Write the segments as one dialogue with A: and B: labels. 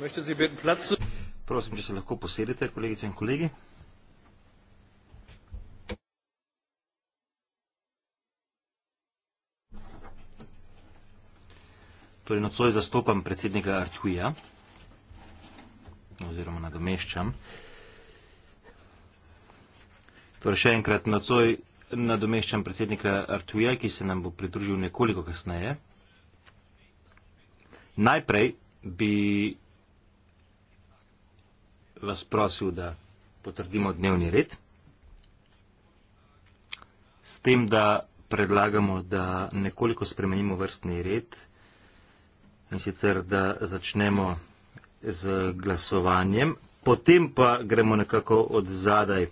A: Möchte Sie bitten Platz zu Prosim, če se lahko posedete, kolegice in kolegi. Torej, nocoj zastopam predsednika Arthuja, oziroma nadomeščam. Torej, še enkrat nocoj nadomeščam predsednika Arthuja, ki se nam bo pridružil nekoliko kasneje. Najprej bi vas prosil, da potrdimo dnevni red. S tem, da predlagamo, da nekoliko spremenimo vrstni red in sicer, da začnemo z glasovanjem, potem pa gremo nekako od zadaj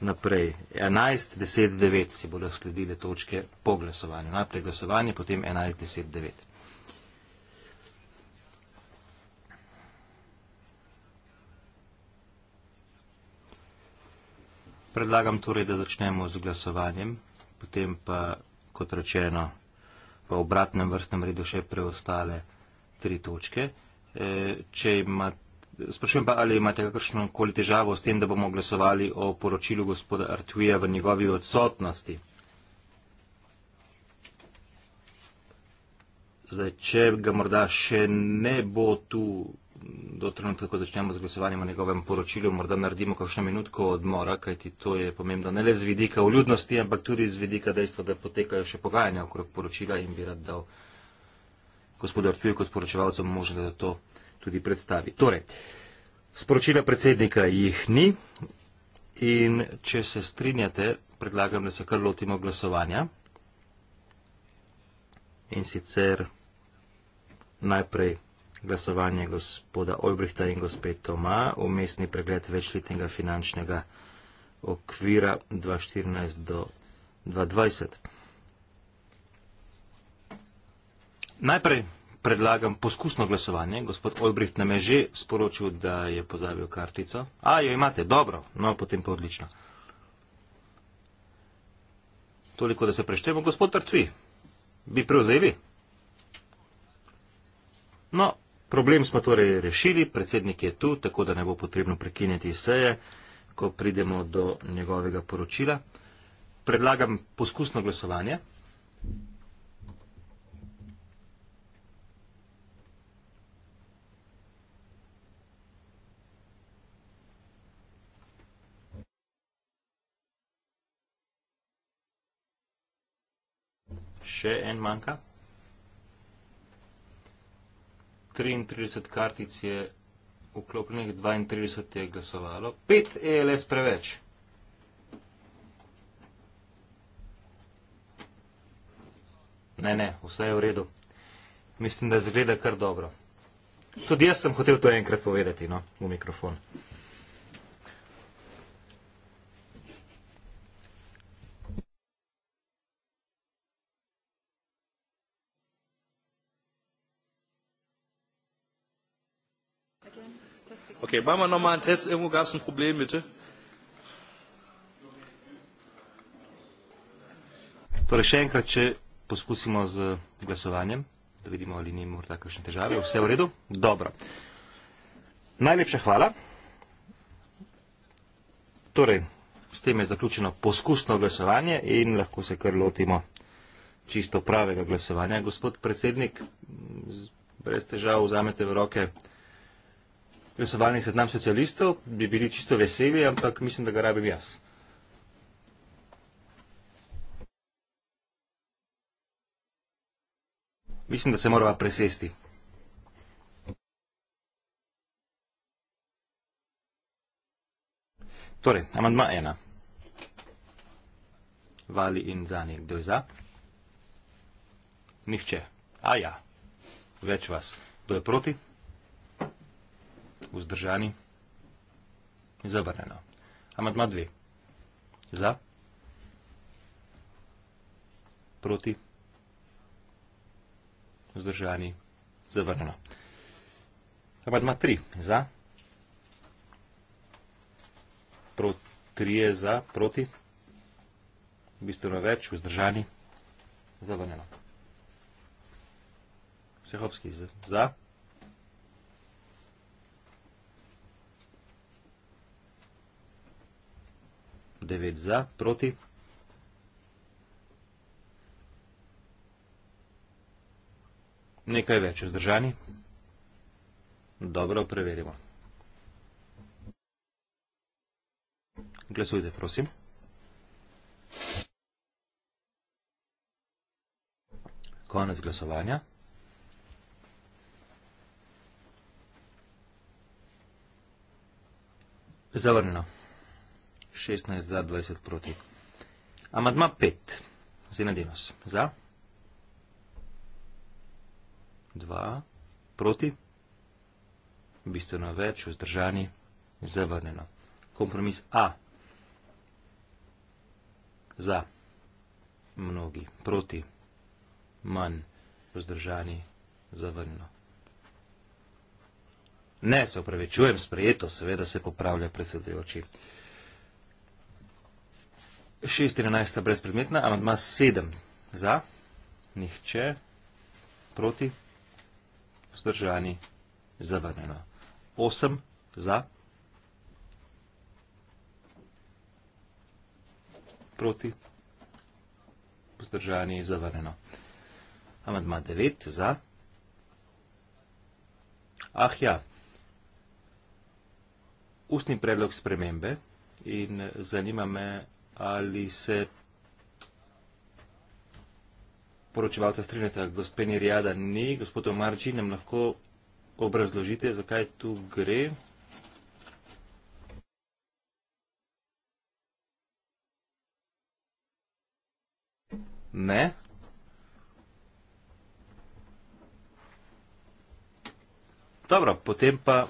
A: naprej. 11, 10, 9 si bodo sledile točke po glasovanju. Najprej glasovanje, potem 11, 10, 9. Predlagam torej, da začnemo z glasovanjem, potem pa, kot rečeno, v obratnem vrstnem redu še preostale tri točke. E, ima, sprašujem pa, ali imate kakršno koli težavo s tem, da bomo glasovali o poročilu gospoda Artuija v njegovi odsotnosti. Zdaj, če ga morda še ne bo tu do trenutka, ko začnemo z glasovanjem o njegovem poročilu, morda naredimo kakšno minutko odmora, kajti to je pomembno ne le z vidika vljudnosti, ampak tudi z vidika dejstva, da potekajo še pogajanja okrog poročila in bi rad dal gospodu Artuju kot poročevalcu možnost, da to tudi predstavi. Torej, sporočila predsednika jih ni in če se strinjate, predlagam, da se kar lotimo glasovanja. In sicer najprej glasovanje gospoda Olbrihta in gospe Toma, umestni pregled večletnega finančnega okvira 2014 do 2020. Najprej predlagam poskusno glasovanje. Gospod Olbricht nam je že sporočil, da je pozabil kartico. A, jo imate, dobro, no, potem pa odlično. Toliko, da se preštevamo. Gospod Tartvi, bi prevzeli? No, Problem smo torej rešili, predsednik je tu, tako da ne bo potrebno prekinjati seje, ko pridemo do njegovega poročila. Predlagam poskusno glasovanje. Še en manjka. 33 kartic je vklopljenih, 32 je glasovalo. 5 ELS preveč. Ne, ne, vse je v redu. Mislim, da zgleda kar dobro. Tudi jaz sem hotel to enkrat povedati, no, v mikrofon. Okay, machen wir nochmal einen Test. Irgendwo gab es ein Problem, bitte. Torej, še enkrat, če poskusimo z glasovanjem, da vidimo, ali ni morda kakšne težave. Vse v redu? Dobro. Najlepša hvala. Torej, s tem je zaključeno poskusno glasovanje in lahko se kar lotimo čisto pravega glasovanja. Gospod predsednik, brez težav vzamete v roke glasovalni seznam socialistov, bi bili čisto veseli, ampak mislim, da ga rabim jaz. Mislim, da se morava presesti. Torej, amandma ena. Vali in Zani, kdo je za? Nihče. A ja, več vas. Kdo je proti? Kdo je proti? vzdržani? Zavrnjeno. Amatma dve. Za? Proti? Vzdržani? Zavrnjeno. Amatma tri. Za? Trije za, proti? Bistveno več, vzdržani? Zavrnjeno. Vsehovski za? Za? 9 za, proti. Nekaj več vzdržani. Dobro, preverimo. Glasujte, prosim. Konec glasovanja. Zavrnjeno. 16 za, 20 proti. Amadma 5. Zinedinos. Za. 2. Proti. Bistveno več. Vzdržani. Zavrneno. Kompromis A. Za. Mnogi. Proti. Manj. Vzdržani. Zavrneno. Ne, se upravičujem, sprejeto, seveda se popravlja predsedujoči. 6, 13 brezpredmetna, amadma 7 za, nihče, proti, vzdržani, zavrnjeno. 8 za, proti, vzdržani, zavrnjeno. Amadma 9 za, ah ja, ustni predlog spremembe in zanima me, da je, ali se poročevalca strinjata, gospe Nirjada ni, gospod Omarči, nam lahko obrazložite, zakaj tu gre. Ne. Dobro, potem pa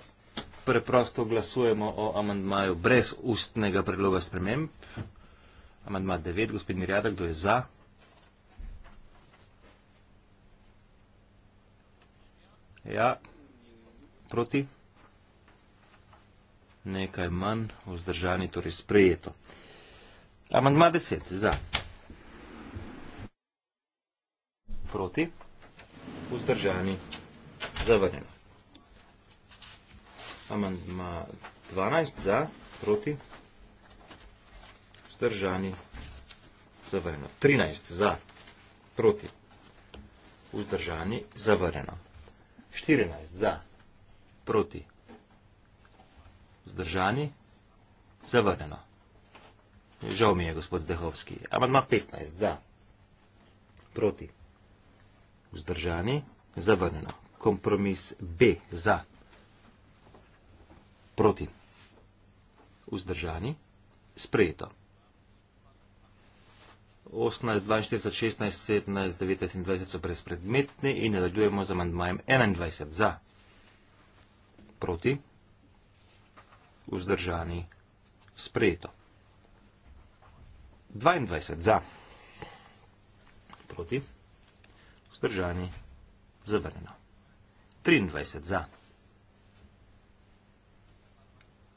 A: preprosto glasujemo o amandmaju brez ustnega predloga sprememb. Amandma 9, gospod Mirjada, kdo je za? Ja, proti? Nekaj manj, vzdržani, torej sprejeto. Amandma 10, za? Proti? Vzdržani, zavrnjeno. Amandma 12, za? Proti? Proti? vzdržani, zavrjeno. 13 za, proti, vzdržani, zavrjeno. 14 za, proti, vzdržani, zavrjeno. Žal mi je, gospod Zdehovski. Amat ima 15 za, proti, vzdržani, zavrjeno. Kompromis B za, proti, vzdržani, sprejeto. 18, 42, 16, 17, 19 in 20 so brezpredmetni in nadaljujemo z amandmajem 21 za. Proti. Vzdržani. Sprejeto. 22 za. Proti. Vzdržani. Zavrnjeno. 23 za.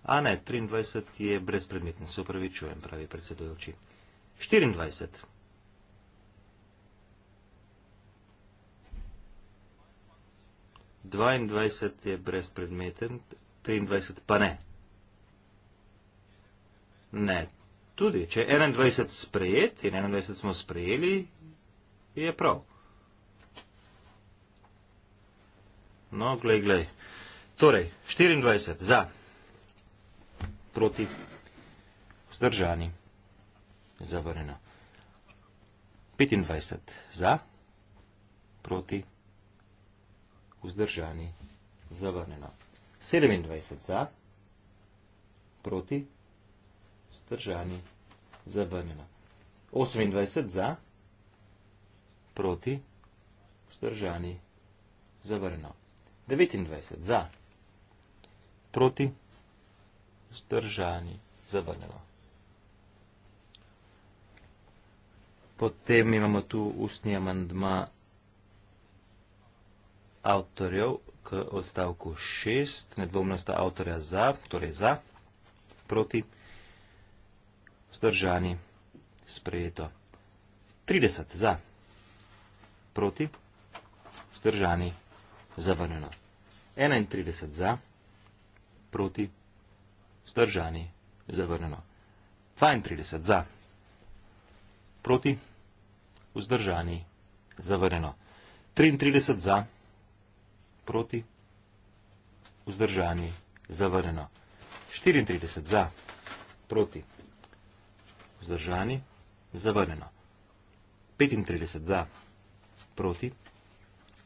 A: A ne, 23 je brezpredmetni, se upravičujem, pravi predsedujoči. 24. Dvaindvajset je brezpredmeten, triindvajset pa ne. Ne, tudi, če je enaindvajset sprejet in enaindvajset smo sprejeli, je prav. No, glej, glej. Torej, štiriindvajset za, proti, vzdržani zavrnjeno. 25 za, proti, vzdržani, zavrnjeno. 27 za, proti, vzdržani, zavrnjeno. 28 za, proti, vzdržani, zavrnjeno. 29 za, proti, vzdržani, zavrnjeno. Potem imamo tu ustni amandma avtorjev k odstavku šest. Nedvomno sta avtorja za, torej za, proti, vzdržani, sprejeto. 30 za, proti, vzdržani, zavrnjeno. 31 za, proti, vzdržani, zavrnjeno. 32 za, proti, vzdržani, zavrnjeno. 32 za, proti, vzdržani, zavrnjeno proti, vzdržani, zavrnjeno. 33 za, proti, vzdržani, zavrnjeno. 34 za, proti, vzdržani, zavrnjeno. 35 za, proti,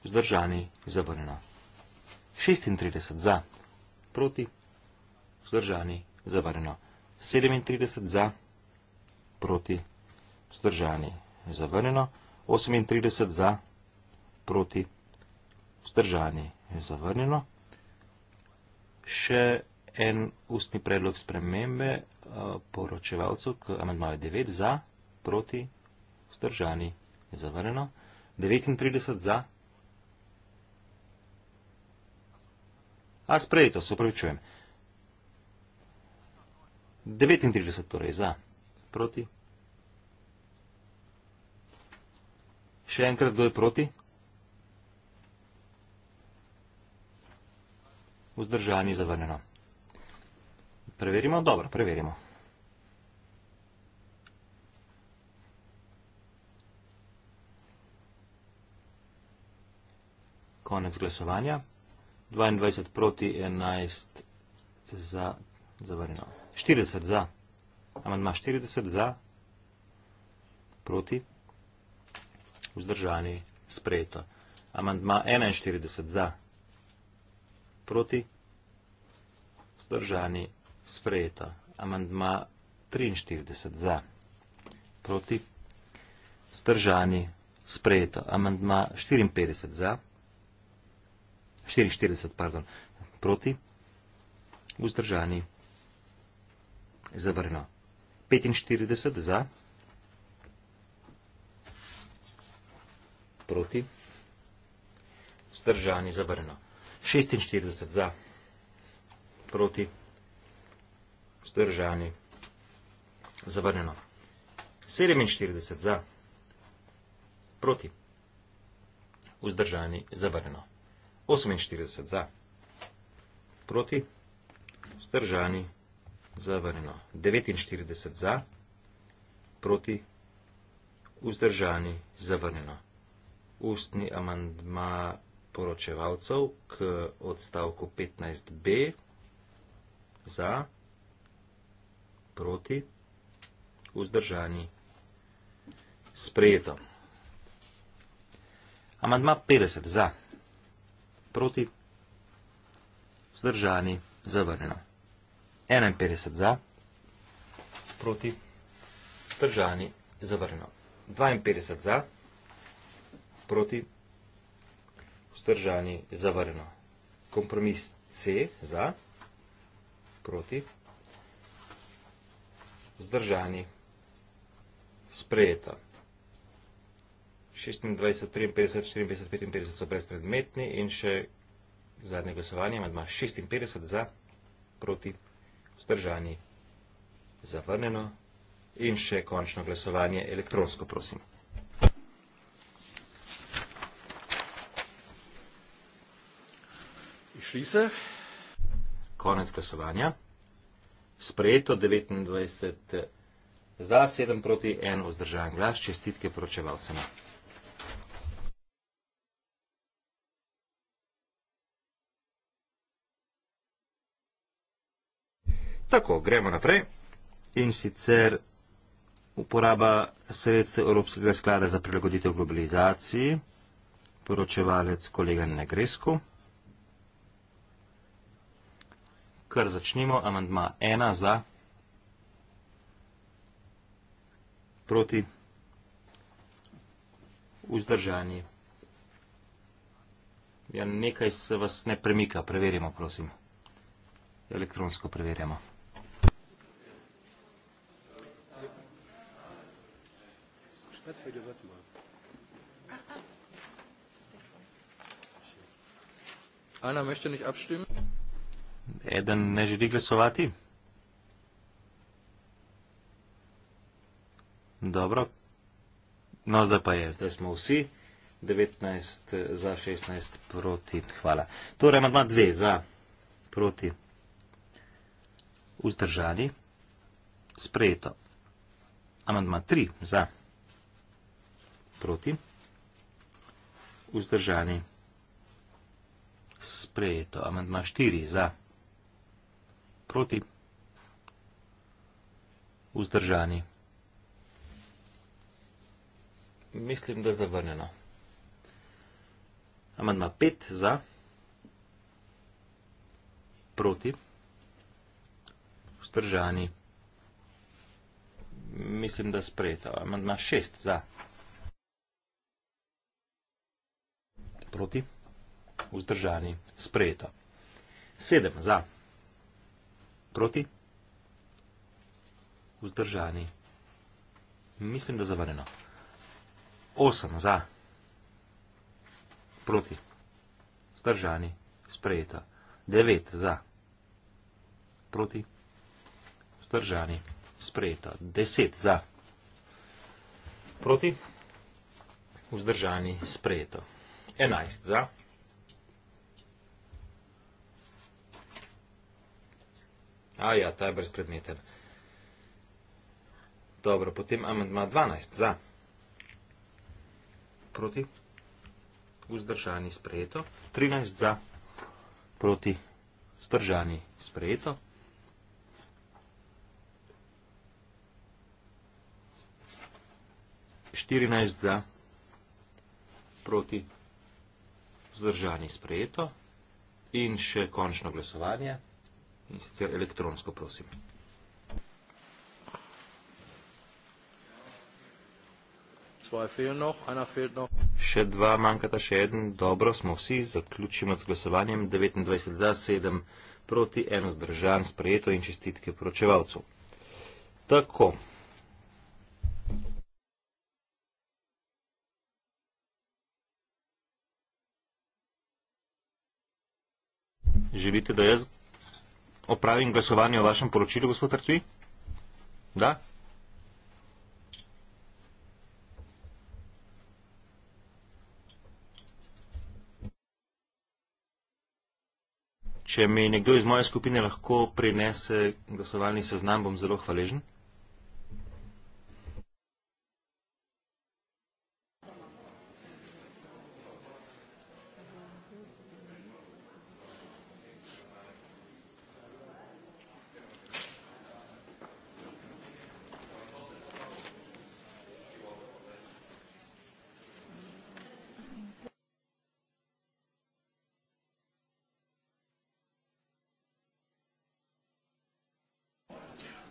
A: vzdržani, zavrnjeno. 36 za, proti, vzdržani, zavrnjeno. 37 za, proti, vzdržani, zavrnjeno vzdržani je zavrnjeno, 38 za, proti, vzdržani je zavrnjeno. Še en ustni predlog spremembe eh, poročevalcev k amendmaju 9 za, proti, vzdržani je zavrnjeno, 39 za, A sprejeto, se upravičujem. 39 torej za, proti. Še enkrat, kdo je proti? Vzdržani zavrneno. Preverimo? Dobro, preverimo. Konec glasovanja. 22 proti, 11 za zavrneno. 40 za. Amandma 40 za proti vzdržani, sprejeto. Amandma 41 za, proti, vzdržani, sprejeto. Amandma 43 za, proti, vzdržani, sprejeto. Amandma 54 za, 44, pardon, proti, vzdržani, zavrno. 45 za, proti, vzdržani, sprejeto. proti, vzdržani zavrno. 46 za, proti, vzdržani zavrneno. 47 za, proti, vzdržani zavrneno. 48 za, proti, vzdržani zavrneno. 49 za, proti, vzdržani zavrneno ustni amandma poročevalcev k odstavku 15b za, proti, vzdržani, sprejeto. Amandma 50 za, proti, vzdržani, zavrnjeno. 51 za, proti, vzdržani, zavrnjeno. 52 za, proti, vzdržani, zavrnjeno proti, vzdržani, zavrno. Kompromis C za, proti, vzdržani, sprejeto. 26, 53, 54, 55 so brezpredmetni in še zadnje glasovanje, med ima 56 za, proti, vzdržani, zavrneno in še končno glasovanje elektronsko, prosim. Izšli se. Konec glasovanja. Sprejeto 29 za, 7 proti 1 vzdržan glas. Čestitke poročevalcem. Tako, gremo naprej. In sicer uporaba sredstva Evropskega sklada za prilagoditev globalizaciji, poročevalec kolega Negresko. kar začnimo. Amandma ena za, proti, vzdržani. Ja, nekaj se vas ne premika, preverimo, prosim. Elektronsko preverjamo. Ana möchte nicht abstimmen. Eden ne želi glasovati? Dobro. No, zdaj pa je. Zdaj smo vsi. 19 za, 16 proti. Hvala. Torej, amadma 2 za, proti. Vzdržani. Sprejeto. Amadma 3 za, proti. Vzdržani. Sprejeto. Amadma 4 za proti, vzdržani. Mislim, da zavrnjeno. Amandma 5 za, proti, vzdržani. Mislim, da sprejeta. Amandma 6 za, proti, vzdržani, sprejeta. 7 za, proti. Proti? Vzdržani. Mislim, da zavrneno. Osem za. Proti. Vzdržani. Sprejeto. Devet za. Proti. Vzdržani. Sprejeto. Deset za. Proti. Vzdržani. Sprejeto. Enajst za. A ja, ta je brezpredmeten. Dobro, potem amendma 12. Za. Proti. Vzdržani sprejeto. 13. Za. Proti. Vzdržani sprejeto. Štirinajst za, proti, vzdržani sprejeto in še končno glasovanje in sicer elektronsko, prosim. Še dva manjkata, še en. Dobro, smo vsi, zaključimo z glasovanjem 29 za 7 proti 1 zdržan, sprejeto in čestitke poročevalcu. Tako. Želite, da jaz opravim glasovanje o vašem poročilu, gospod Artvi? Da? Če mi nekdo iz moje skupine lahko prinese glasovalni seznam, bom zelo hvaležen.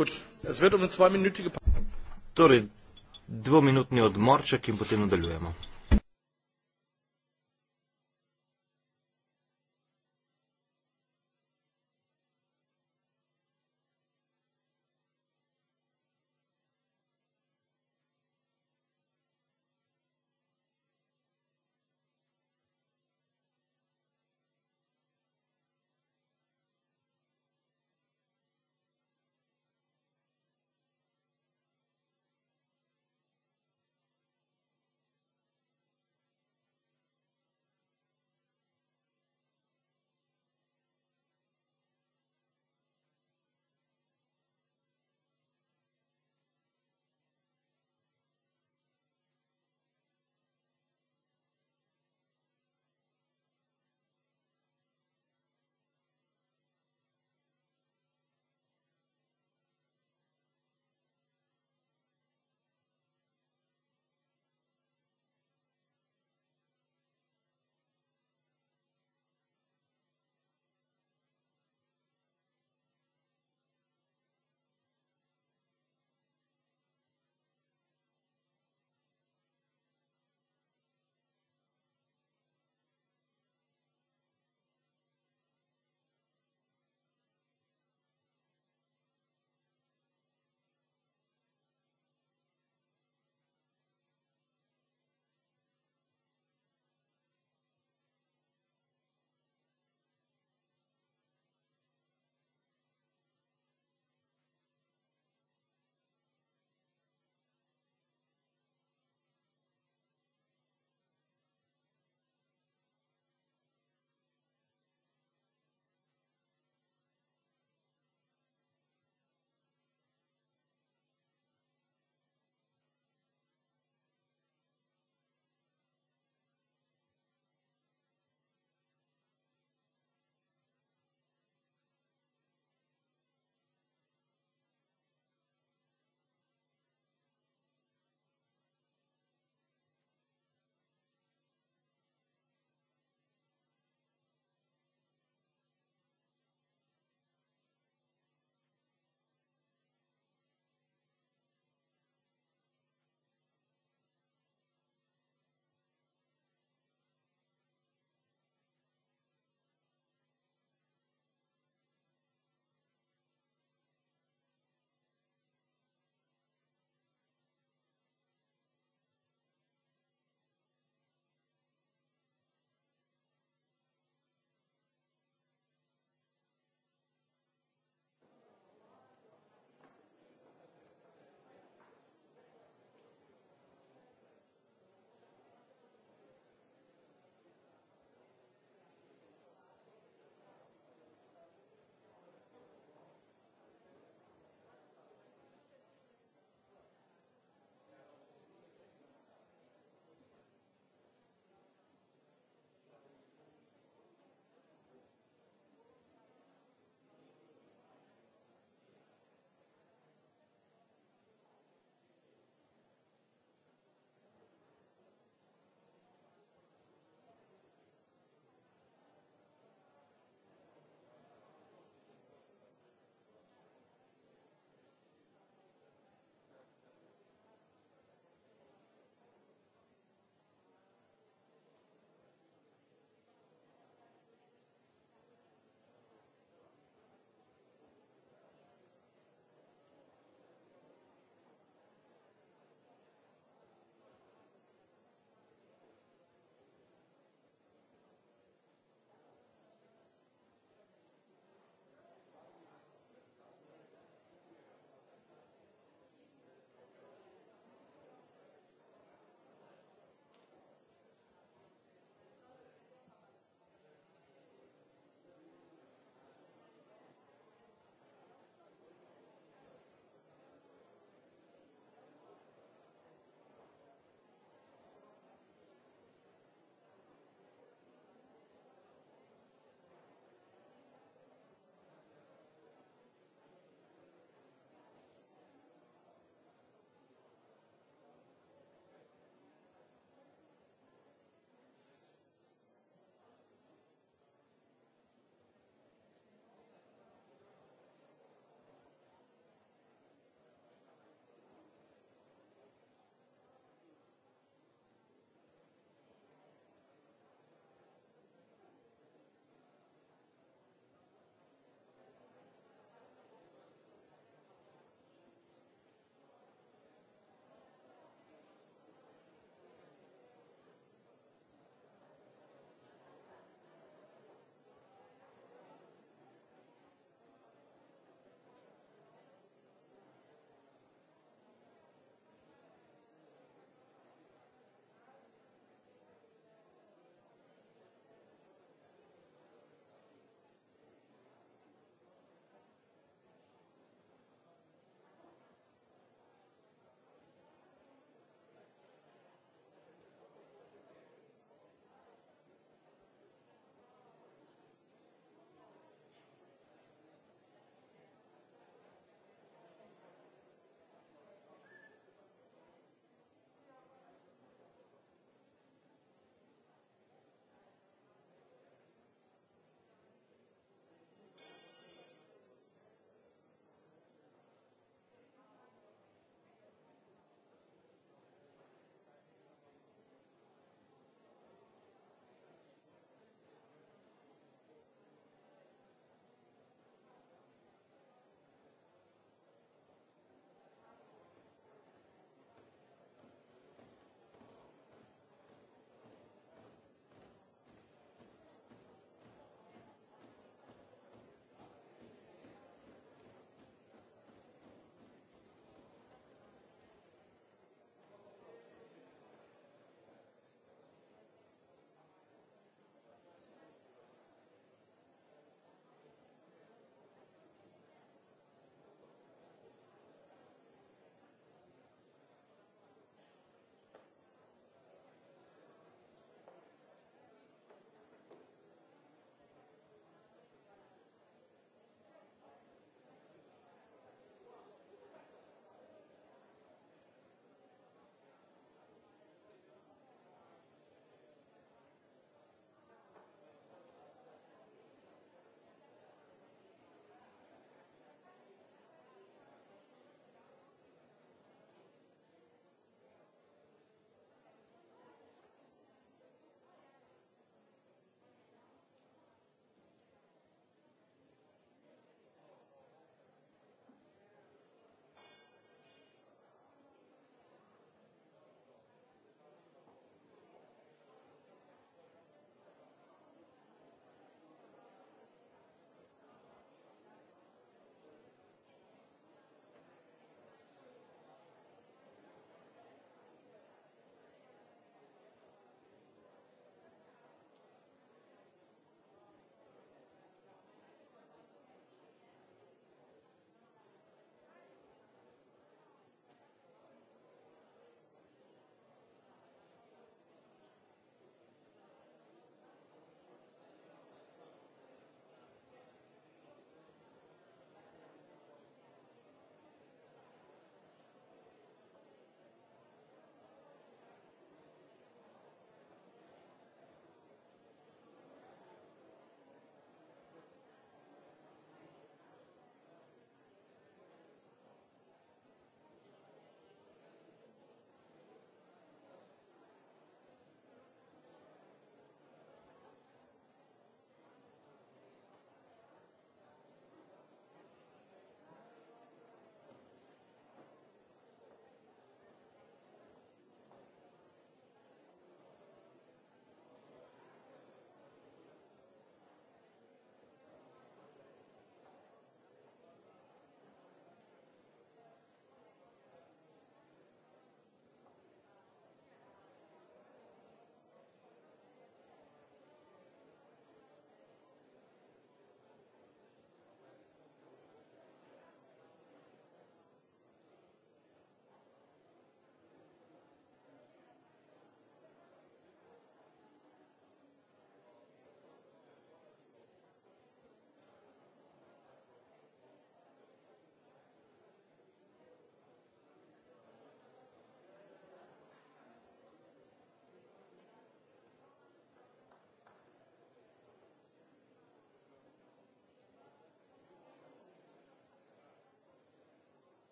A: Um torej, dvominutni odmorček in potem nadaljujemo.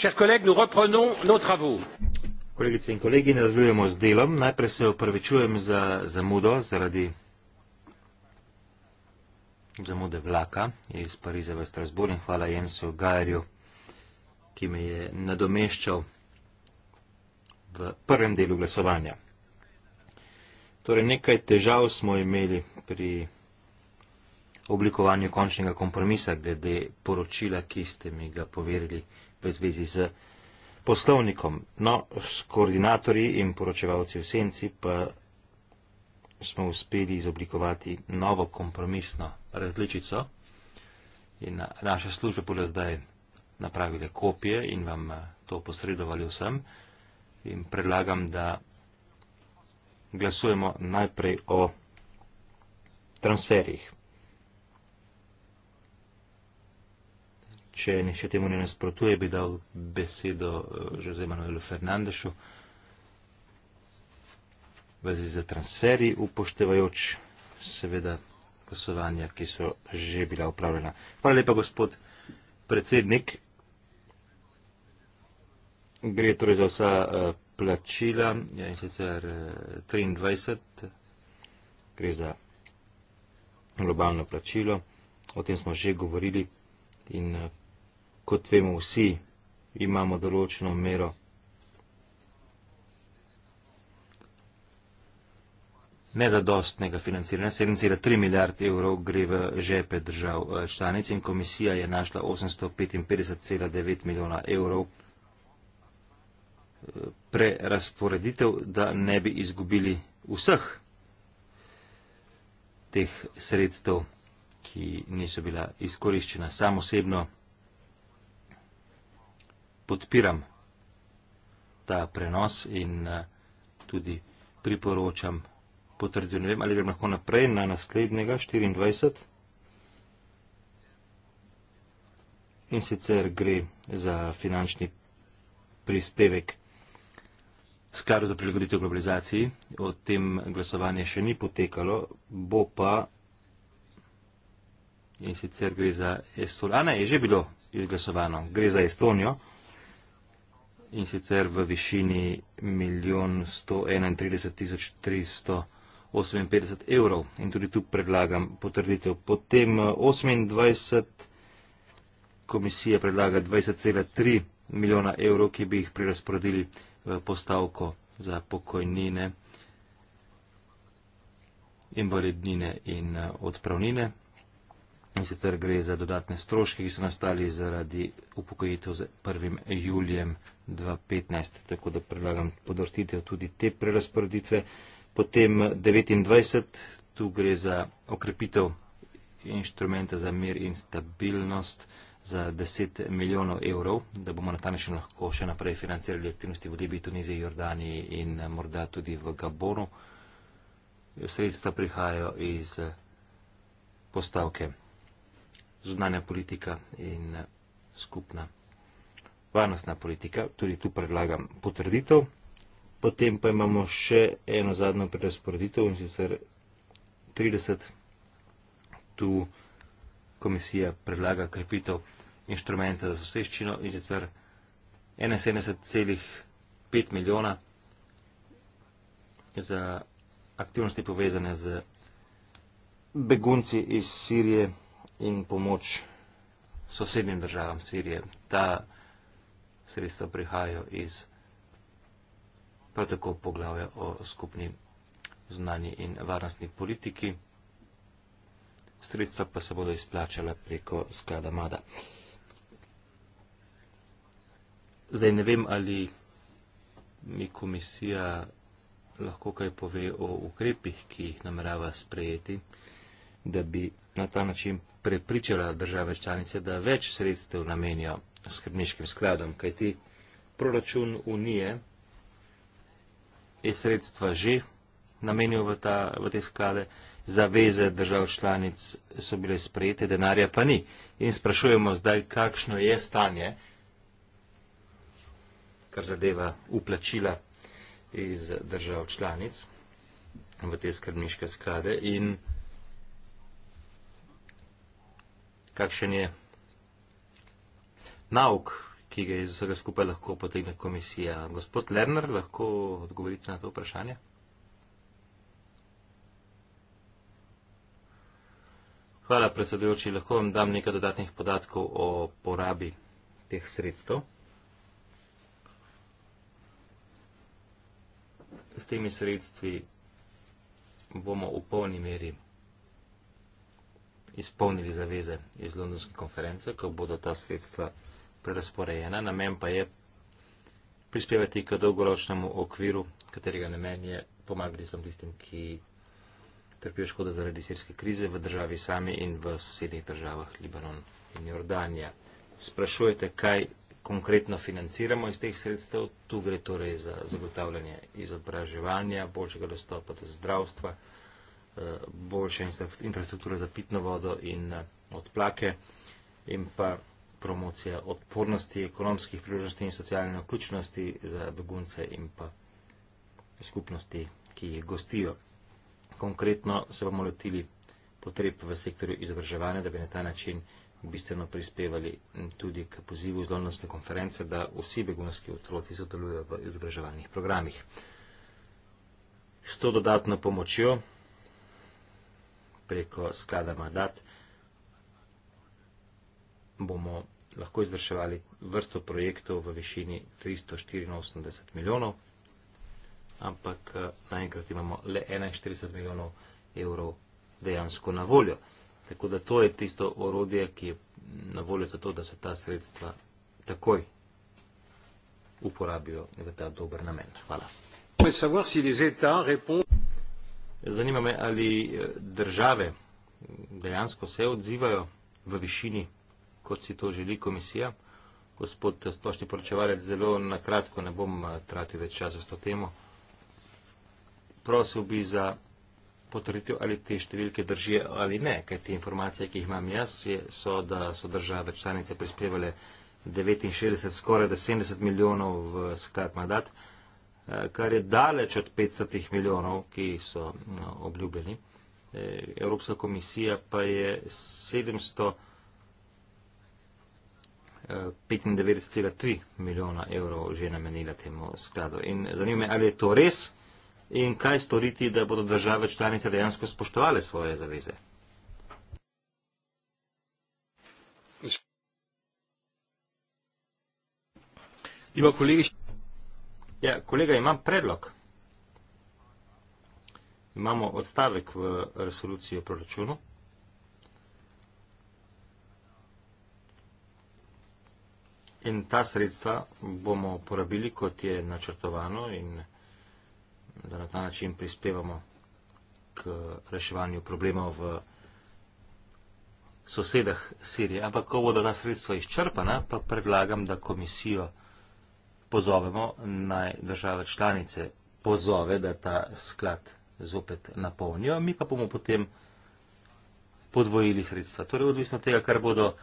A: chers collègues nous reprenons nos travaux kolegice in kolegi nadaljujemo z delom najprej se opravičujem za zamudo zaradi zamude vlaka iz pariza v strasbourg in hvala jensu gajerju ki me je nadomeščal v prvem delu glasovanja torej nekaj težav smo imeli pri oblikovanju končnega kompromisa glede poročila, ki ste mi ga poverili v zvezi z poslovnikom. No, s koordinatorji in poročevalci v senci pa smo uspeli izoblikovati novo kompromisno različico in naše službe bodo zdaj napravile kopije in vam eh, to posredovali vsem in predlagam, da glasujemo najprej o transferjih. Če ne še temu ne nasprotuje, bi dal besedo Žoze eh, Manuelu Fernandešu v zvezi z transferi, upoštevajoč seveda glasovanja, ki so že bila upravljena. Hvala lepa, gospod predsednik. Gre torej za vsa eh, plačila, ja, in sicer 23, eh, gre za globalno plačilo. O tem smo že govorili in kot vemo vsi, imamo določeno mero nezadostnega financiranja. 7,3 milijard evrov gre v žepe držav eh, članic in komisija je našla 855,9 milijona evrov eh, prerasporeditev, da ne bi izgubili vseh teh sredstev, ki niso bila izkoriščena samosebno podpiram ta prenos in eh, tudi priporočam potrdil. Ne vem, ali grem lahko naprej na naslednjega, 24. In sicer gre za finančni prispevek skladu za prilagoditev globalizaciji. O tem glasovanje še ni potekalo, bo pa in sicer gre za Estonijo. A ne, je že bilo izglasovano. Gre za Estonijo in sicer v višini 1 131.358 evrov. In tudi tu predlagam potrditev. Potem 28 eh, komisije predlaga 20,3 milijona evrov, ki bi jih prerasporedili v eh, postavko za pokojnine, invalidnine in eh, odpravnine in sicer gre za dodatne stroške, ki so nastali zaradi upokojitev z 1. julijem 2015. Tako da predlagam podvrtitev tudi te prerasporeditve. Potem 29, tu gre za okrepitev inštrumenta za mir in stabilnost za 10 milijonov evrov, da bomo na ta način lahko še naprej financirali aktivnosti v Libiji, Tuniziji, Jordaniji in eh, morda tudi v Gabonu. Sredstva prihajajo iz eh, postavke zunanja politika in eh, skupna varnostna politika. Tudi tu predlagam potrditev. Potem pa imamo še eno zadnjo prerasporeditev in sicer 30. Tu komisija predlaga krepitev inštrumenta za soseščino in sicer 71,5 milijona za aktivnosti povezane z begunci iz Sirije in pomoč sosednjim državam Sirije. Ta sredstva prihajajo iz prav tako poglavja o skupni znanji in varnostni politiki. Sredstva pa se bodo izplačala preko sklada MADA. Zdaj ne vem, ali mi komisija lahko kaj pove o ukrepih, ki jih namerava sprejeti, da bi na ta način prepričala države članice, da več sredstev namenijo skrbniškim skladom, kajti proračun Unije je sredstva že namenil v, ta, v te sklade, zaveze držav članic so bile sprejete, denarja pa ni. In sprašujemo zdaj, kakšno je stanje, kar zadeva uplačila iz držav članic v te skrbniške sklade. In kakšen je nauk, ki ga iz vsega skupaj lahko potegne komisija. Gospod Lerner, lahko odgovorite na to vprašanje? Hvala, predsedujoči. Lahko vam dam nekaj dodatnih podatkov o porabi teh sredstev. S temi sredstvi bomo v polni meri izpolnili zaveze iz londonske konference, ko bodo ta sredstva prerasporejena. Namen pa je prispevati k dolgoročnemu okviru, katerega namen je pomagati sem tistim, ki trpijo škodo zaradi sirske krize v državi sami in v sosednjih državah Libanon in Jordanija. Sprašujete, kaj konkretno financiramo iz teh sredstev. Tu gre torej za zagotavljanje izobraževanja, boljšega dostopa do zdravstva, boljše infrastrukture za pitno vodo in eh, odplake in pa promocija odpornosti, ekonomskih priložnosti in socialne vključnosti za begunce in pa skupnosti, ki jih gostijo. Konkretno se bomo lotili potreb v sektorju izobraževanja, da bi na ta način bistveno prispevali tudi k pozivu iz Londonske konference, da vsi begunski otroci sodelujo v izobraževalnih programih. S to dodatno pomočjo preko sklada Mandat bomo lahko izvrševali vrsto projektov v višini 384 milijonov, ampak eh, naenkrat imamo le 41 milijonov evrov dejansko na voljo. Tako da to je tisto orodje, ki je na voljo za to, da se ta sredstva takoj uporabijo v ta dober namen. Hvala. Zanima me, ali eh, države dejansko se odzivajo v višini, kot si to želi komisija. Gospod eh, splošni poročevalec, zelo na kratko, ne bom eh, tratil več časa s to temo. Prosil bi za potrditev, ali te številke držijo ali ne, kaj te informacije, ki jih imam jaz, so, da so države članice prispevale 69, skoraj da 70 milijonov v sklad mandat. Eh, kar je daleč od 500 milijonov, ki so no, obljubljeni. Eh, Evropska komisija pa je 795,3 eh, milijona evrov že namenila temu skladu. In zanimivo je, ali je to res in kaj storiti, da bodo države članice dejansko spoštovali svoje zaveze. Ima kolegi še. Ja, kolega, imam predlog. Imamo odstavek v resoluciji o proračunu. In ta sredstva bomo porabili, kot je načrtovano in da na ta način prispevamo k reševanju problemov v sosedah Sirije. Ampak, ko bodo ta sredstva izčrpana, pa predlagam, da komisijo pozovemo naj države članice pozove, da ta sklad zopet napolnijo, mi pa bomo potem podvojili sredstva. Torej, odvisno od tega, kar bodo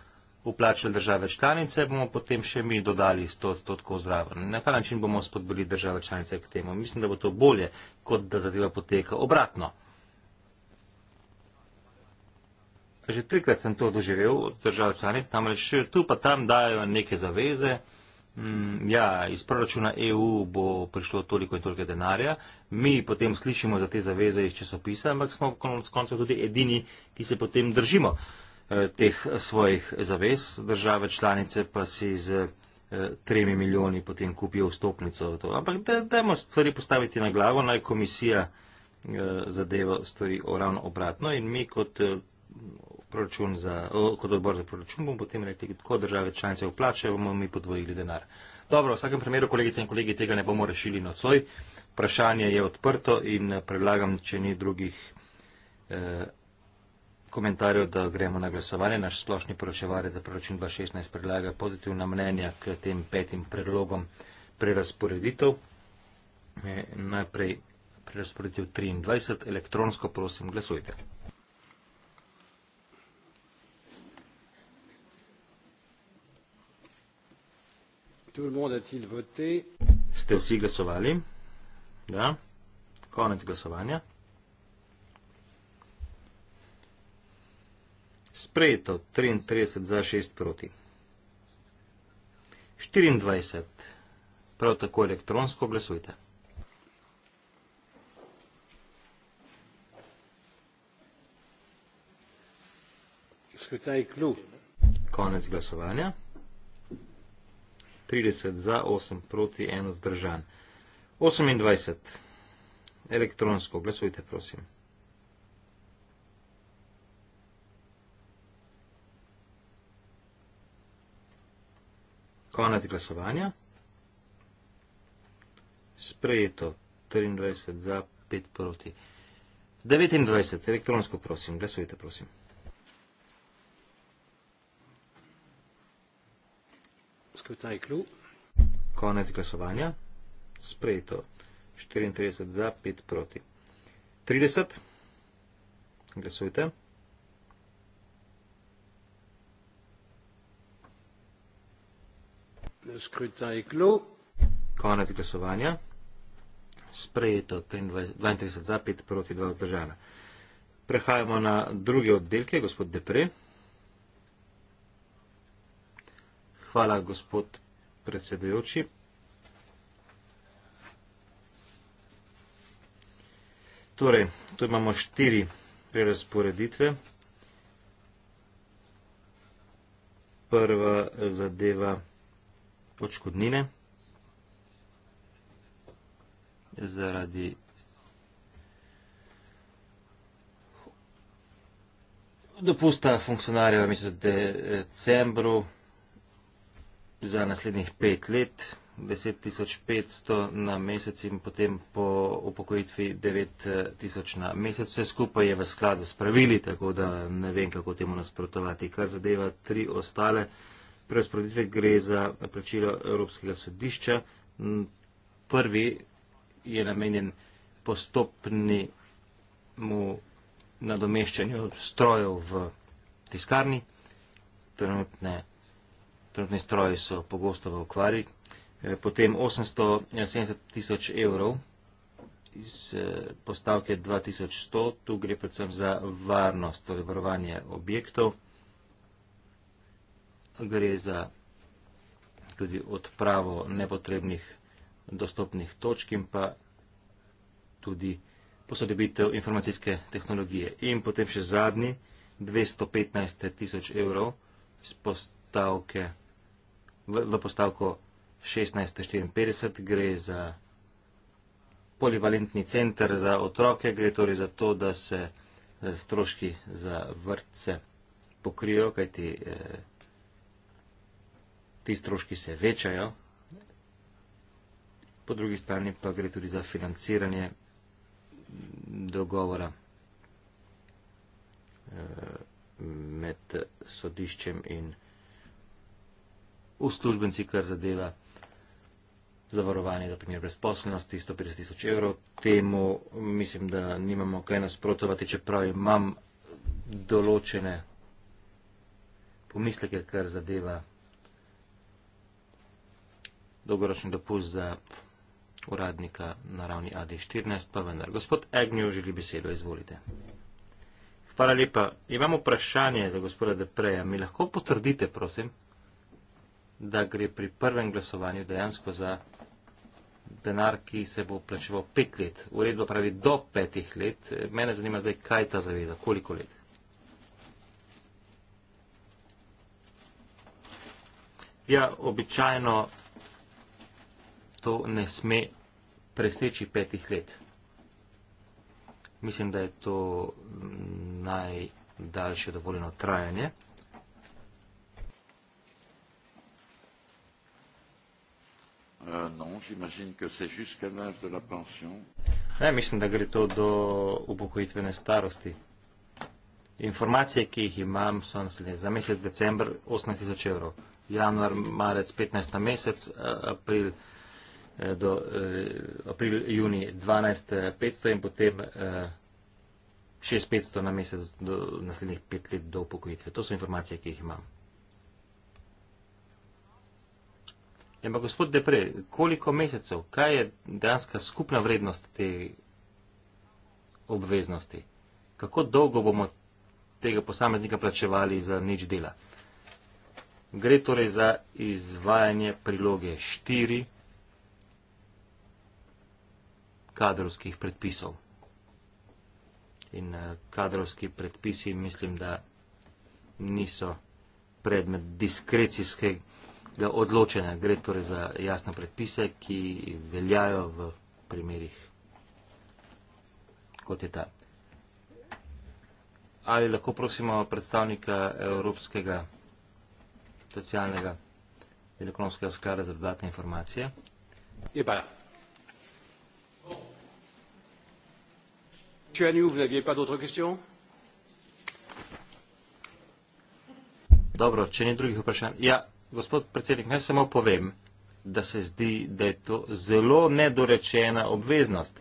A: uplačali države članice, bomo potem še mi dodali 100 odstotkov zraven. Na ta način bomo spodbili države članice k temu. Mislim, da bo to bolje, kot da zadeva poteka obratno. Že trikrat sem to doživel od držav članic, namreč tu pa tam dajo neke zaveze, Mm, ja, iz proračuna EU bo prišlo toliko in toliko denarja. Mi potem slišimo za te zaveze iz časopisa, ampak smo konec koncev tudi edini, ki se potem držimo eh, teh svojih zavez. Države članice pa si z eh, tremi milijoni potem kupijo vstopnico. To. Ampak da, dajmo stvari postaviti na glavo, naj komisija eh, zadevo stvari ravno obratno in mi kot proračun, za, o, kot odbor za proračun, bomo potem rekli, kako države članice vplačajo, bomo mi podvojili denar. Dobro, v vsakem primeru, kolegice in kolegi, tega ne bomo rešili nocoj. Vprašanje je odprto in eh, predlagam, če ni drugih eh, komentarjev, da gremo na glasovanje. Naš splošni poročevalec za proračun 2016 predlaga pozitivna mnenja k tem petim predlogom prerasporeditev. Eh, najprej prerasporeditev 23, elektronsko prosim glasujte. Ste vsi glasovali? Da. Konec glasovanja. Sprejeto 33 za 6 proti. 24. Prav tako elektronsko glasujte. Konec glasovanja. 30 za, 8 proti, 1 zdržan. 28. Elektronsko, glasujte, prosim. Konec glasovanja. Sprejeto, 23 za, 5 proti. 29. Elektronsko, prosim, glasujte, prosim. Skratka, je klub. Konec glasovanja. Sprejeto. 34 za, 5 proti. 30. Glasujte. Skratka, je klub. Konec glasovanja. Sprejeto. 32, 32 za, 5 proti, 2 vzdržana. Prehajamo na druge oddelke, gospod Depre. Hvala, gospod predsedujoči. Torej, tu imamo štiri prerasporeditve. Prva zadeva očkodnine zaradi dopusta funkcionarjev, mislim, da decembru za naslednjih pet let, 10.500 na mesec in potem po upokojitvi 9.000 eh, na mesec. Vse skupaj je v skladu s pravili, tako da ne vem, kako temu nasprotovati. Kar zadeva tri ostale preusporeditve, gre za plačilo Evropskega sodišča. Prvi je namenjen postopnemu nadomeščanju strojev v tiskarni, trenutne trenutni stroji so pogosto v okvari. Eh, potem 870 tisoč evrov iz eh, postavke 2100, tu gre predvsem za varnost, torej varovanje objektov. Gre za tudi odpravo nepotrebnih dostopnih točk in pa tudi posodobitev informacijske tehnologije. In potem še zadnji, 215 tisoč evrov iz postavke 2100 v, v postavko 1654 gre za polivalentni center za otroke, gre torej za to, da se eh, stroški za vrtce pokrijo, kajti eh, ti stroški se večajo. Po drugi strani pa gre tudi za financiranje mm, dogovora eh, med sodiščem in uslužbenci, kar zadeva zavarovanje, da primer brezposobnosti, 150 tisoč evrov. Temu mislim, da nimamo kaj nasprotovati, čeprav imam določene pomisleke, kar zadeva dolgoročni dopust za uradnika na ravni AD14, pa vendar. Gospod Agnew želi besedo, izvolite. Hvala lepa. Imam vprašanje za gospoda Depreja. Mi lahko potrdite, prosim? da gre pri prvem glasovanju dejansko za denar, ki se bo plačeval pet let. Uredba pravi do petih let. Mene zanima, da je kaj ta zaveza, koliko let. Ja, običajno to ne sme preseči petih let. Mislim, da je to najdaljše dovoljeno trajanje. Euh, non, j'imagine que c'est jusqu'à l'âge de la pension. Ne, mislim, da gre to do upokojitvene starosti. Informacije, ki jih imam, so naslednje. Za mesec decembr 18 tisoč evrov, januar, marec 15 na mesec, eh, april, eh, do, eh, april juni 12 500 in potem 6 500 na mesec do naslednjih pet let do upokojitve. To so informacije, ki jih imam. Ampak gospod Depre, koliko mesecev, kaj je danska skupna vrednost te obveznosti? Kako dolgo bomo tega posameznika plačevali za nič dela? Gre torej za izvajanje priloge štiri kadrovskih predpisov. In eh, kadrovski predpisi mislim, da niso predmet diskrecijskega tega odločanja. Gre torej za jasne predpise, ki veljajo v primerih kot je ta. Ali lahko prosimo predstavnika Evropskega socialnega elektronskega sklada za dodatne informacije? Je pa. Dobro, če ni drugih vprašanj. Ja, Gospod predsednik, naj samo povem, da se zdi, da je to zelo nedorečena obveznost.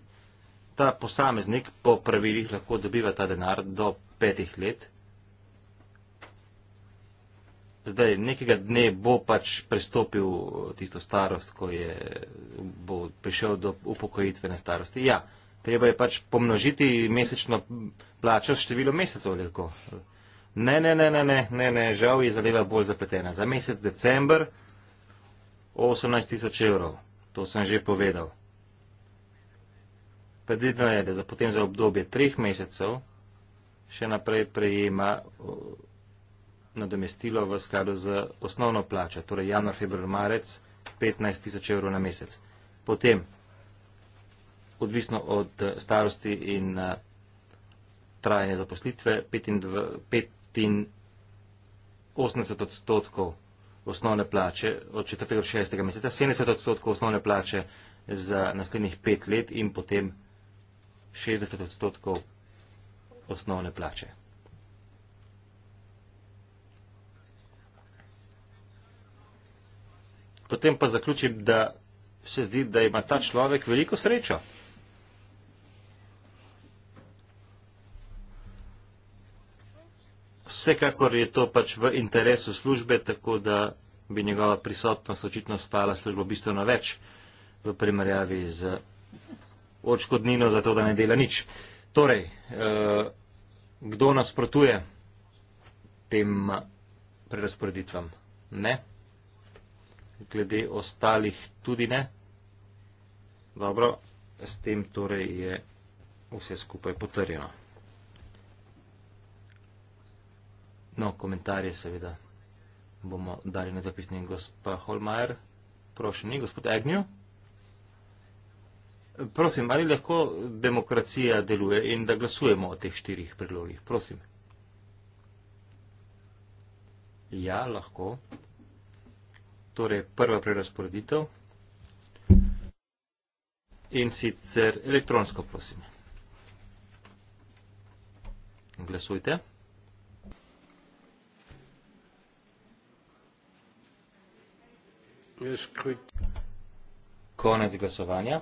A: Ta posameznik po pravilih lahko dobiva ta denar do petih let. Zdaj, nekega dne bo pač prestopil tisto starost, ko je bo prišel do upokojitvene starosti. Ja, treba je pač pomnožiti mesečno plačo s število mesecev, ali kako. Ne, ne, ne, ne, ne, ne, ne, žal je zadeva bolj zapletena. Za mesec december 18 tisoč evrov, to sem že povedal. Predvidno je, da za potem za obdobje treh mesecev še naprej prejema nadomestilo v skladu z osnovno plačo, torej januar, februar, marec 15 tisoč evrov na mesec. Potem, odvisno od starosti in trajanja zaposlitve, 25, in 80 odstotkov osnovne plače od 4. do 6. meseca, 70 odstotkov osnovne plače za naslednjih 5 let in potem 60 odstotkov osnovne plače. Potem pa zaključim, da se zdi, da ima ta človek veliko srečo. Vsekakor je to pač v interesu službe, tako da bi njegova prisotnost očitno stala službo bistveno več v primerjavi z očkodnino za to, da ne dela nič. Torej, eh, kdo nasprotuje tem prerasporeditvam? Ne? Glede ostalih tudi ne? Dobro, s tem torej je vse skupaj potrjeno. No, komentarje seveda bomo dali na zapisnik gospa Holmajer. Prošen je gospod Egnjo. Prosim, ali lahko demokracija deluje in da glasujemo o teh štirih predlogih? Prosim. Ja, lahko. Torej, prva prerasporeditev. In sicer elektronsko, prosim. Glasujte. Glasujte. Konec glasovanja.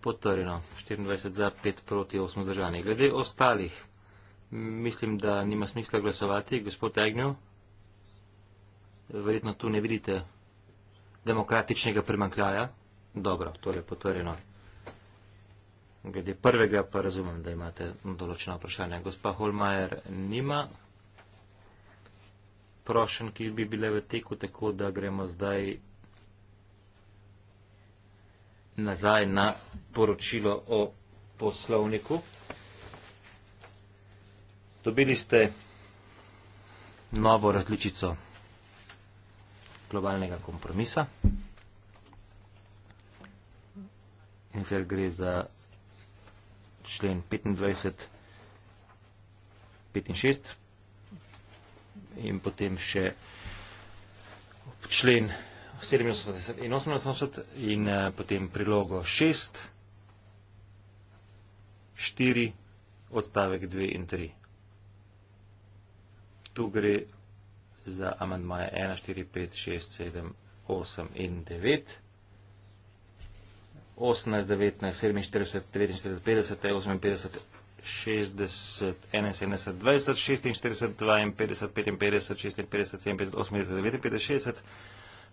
A: Potrjeno. 24 za, 5 proti, 8 zdržanje. Glede ostalih, mislim, da nima smisla glasovati. Gospod Egnjo, verjetno tu ne vidite demokratičnega premankljaja. Dobro, torej potrjeno. Glede prvega pa razumem, da imate določena vprašanja. Gospa Holmajer nima prošen, ki bi bile v teku, tako da gremo zdaj nazaj na poročilo o poslovniku. Dobili ste novo različico globalnega kompromisa. In zdaj gre za člen 25, 65, in potem še člen 87 in 88 in eh, potem prilogo 6, 4, odstavek 2 in 3. Tu gre za amandmaje 1, 4, 5, 6, 7, 8 in 9. 18, 19, 47, 49, 50, 58. 60, 71, 20, 46, 52, 55, 56, 57, 58, 59, 60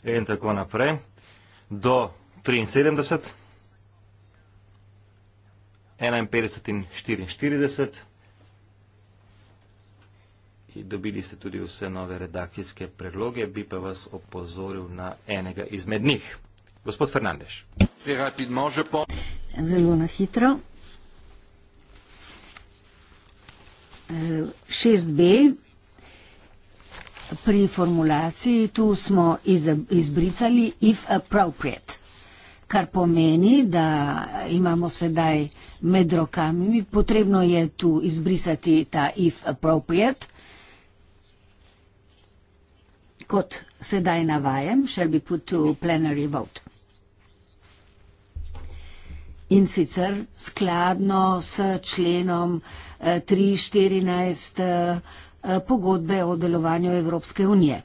A: in tako naprej. Do 73, 51 in 44. In dobili ste tudi vse nove redakcijske predloge, bi pa vas opozoril na enega izmed njih. Gospod Fernandez.
B: Zelo na hitro. 6b. Pri formulaciji tu smo iz, izbricali if appropriate, kar pomeni, da imamo sedaj med rokami, potrebno je tu izbrisati ta if appropriate. Kot sedaj navajam, shall be put to plenary vote in sicer skladno s členom 314 eh, eh, pogodbe o delovanju Evropske unije.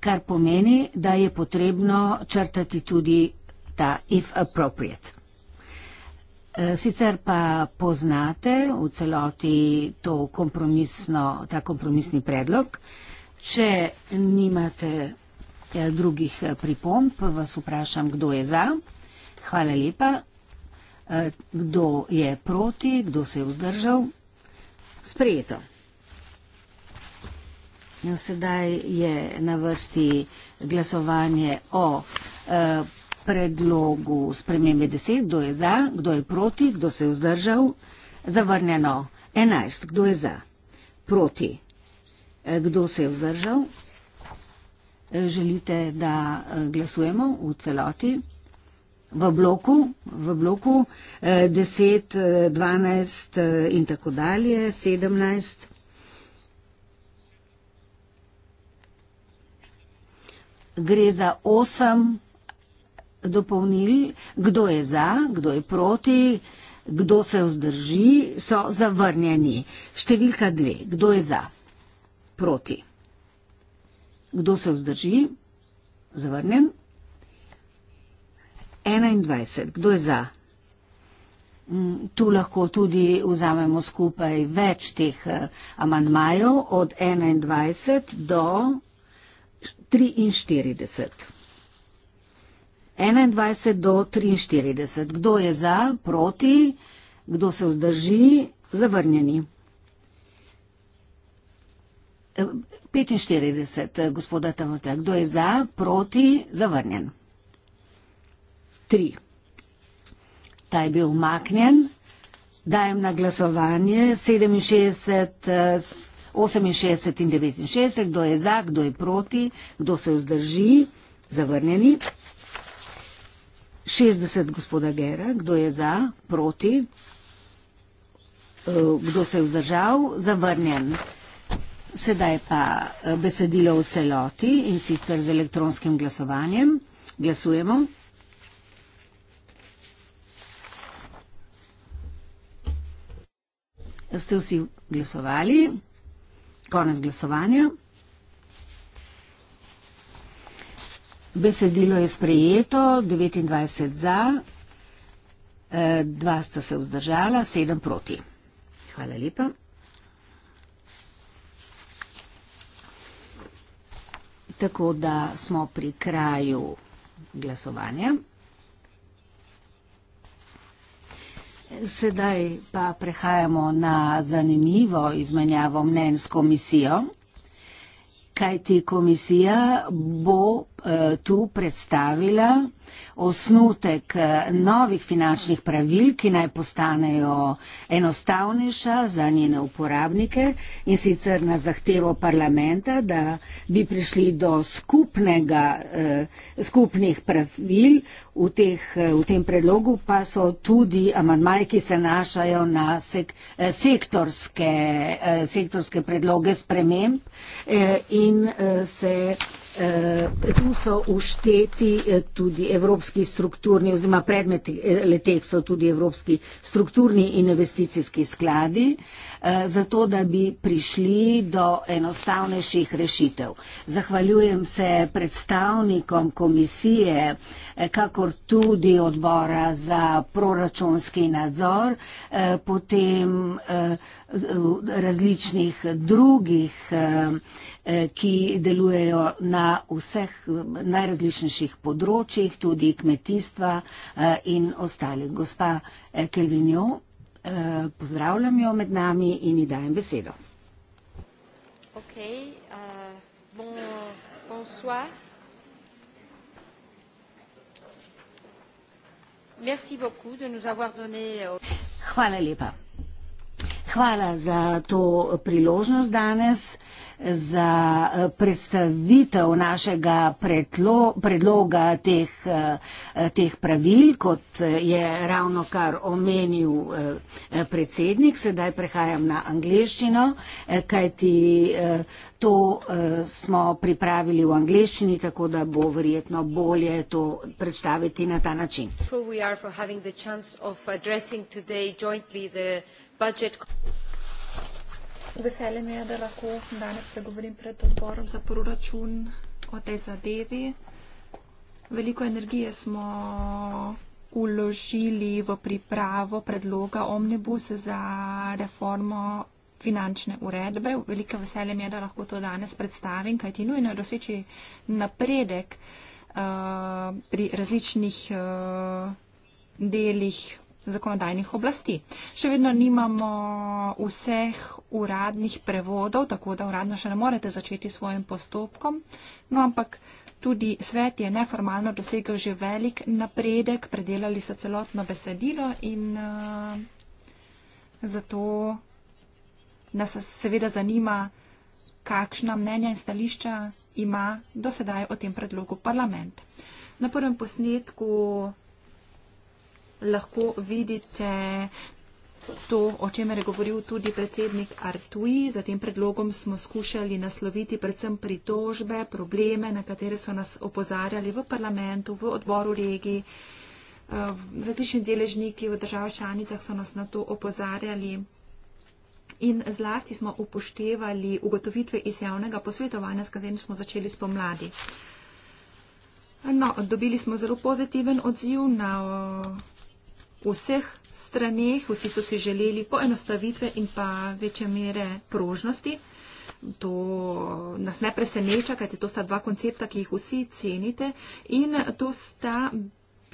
B: Kar pomeni, da je potrebno črtati tudi ta if appropriate. Eh, sicer pa poznate v celoti to kompromisno, ta kompromisni predlog. Če nimate drugih pripomb, vas vprašam, kdo je za. Hvala lepa. E, kdo je proti, kdo se je vzdržal? Sprejeto. No, sedaj je na vrsti glasovanje o e, predlogu spremembe 10. Kdo je za, kdo je proti, kdo se je vzdržal? Zavrnjeno. 11. Kdo je za? Proti. E, kdo se je vzdržal? Želite, da glasujemo v celoti? v bloku, v bloku eh, 10, 12 eh, eh, in tako dalje, 17. Gre za 8 dopolnil, kdo je za, kdo je proti, kdo se vzdrži, so zavrnjeni. Številka 2, kdo je za, proti, kdo se vzdrži, zavrnjen. 21. Kdo je za? Mm, tu lahko tudi vzamemo skupaj več teh eh, amandmajev od 21 do 43. 21 do 43. Kdo je za, proti, kdo se vzdrži, zavrnjeni. 45. Eh, eh, gospoda Tavrta. Kdo je za, proti, zavrnjen tri. Ta je bil umaknjen. Dajem na glasovanje 67, 68 in 69, kdo je za, kdo je proti, kdo se vzdrži, zavrnjeni. 60 gospoda Gera, kdo je za, proti, eh, kdo se je vzdržal, zavrnjen. Sedaj pa eh, besedilo v celoti in sicer z elektronskim glasovanjem. Glasujemo. ste vsi glasovali. Konec glasovanja. Besedilo je sprejeto, 29 za, 2 eh, sta se vzdržala, 7 proti. Hvala lepa. Tako da smo pri kraju glasovanja. Sedaj pa prehajamo na zanimivo izmenjavo mnen s komisijo. Kaj ti komisija bo Eh, tu predstavila osnutek eh, novih finančnih pravil, ki naj postanejo enostavnejša za njene uporabnike in sicer na zahtevo parlamenta, da bi prišli do skupnega, eh, skupnih pravil v, teh, v tem predlogu, pa so tudi amadmaje, ki se našajo na sek, sektorske, sektorske predloge sprememb in se Eh, tu so ušteti eh, tudi evropski strukturni oziroma predmeti eh, leteh so tudi evropski strukturni in investicijski skladi, zato da bi prišli do enostavnejših rešitev. Zahvaljujem se predstavnikom komisije, kakor tudi odbora za proračunski nadzor, potem različnih drugih Eh, ki delujejo na vseh najrazličnejših področjih, tudi kmetijstva eh, in ostalih. Gospa eh, Kelvinjo, pozdravljam jo med nami in ji dajem besedo.
C: Ok, uh, bon, bonsoir.
B: Merci beaucoup de nous avoir donné. Euh, Hvala lepa. Hvala za to priložnost danes, za eh, predstavitev našega predlo, predloga teh, eh, teh pravil, kot je ravno kar omenil eh, predsednik. Sedaj prehajam na angliščino, kajti to smo pripravili v angliščini, tako da bo verjetno bolje to predstaviti na ta način. Hvala, da smo imeli priložnost danes obravnavati
C: skupaj budget. Vesele me je, da lahko danes pregovorim pred odborom za proračun o tej zadevi. Veliko energije smo uložili v pripravo predloga omnibus za reformo finančne uredbe. Veliko veselje mi je, da lahko to danes predstavim, kajti nujno je doseči napredek uh, pri različnih uh, delih zakonodajnih oblasti. Še vedno nimamo vseh uradnih prevodov, tako da uradno še ne morete začeti s svojim postopkom. No, ampak tudi svet je neformalno dosegel že velik napredek, predelali so celotno besedilo in uh, zato nas seveda zanima, kakšna mnenja in stališča ima dosedaj o tem predlogu parlament. Na prvem posnetku lahko vidite to, o čemer je govoril tudi predsednik Artui. Za tem predlogom smo skušali nasloviti predvsem pritožbe, probleme, na katere so nas opozarjali v parlamentu, v odboru regiji. Eh, različni deležniki v državah članicah so nas na to opozarjali. In zlasti smo upoštevali ugotovitve iz javnega posvetovanja, s katerim smo začeli spomladi. No, dobili smo zelo pozitiven odziv na vseh straneh, vsi so si želeli poenostavitve in pa večje mere prožnosti. To nas ne preseneča, kajti to sta dva koncepta, ki jih vsi cenite in to sta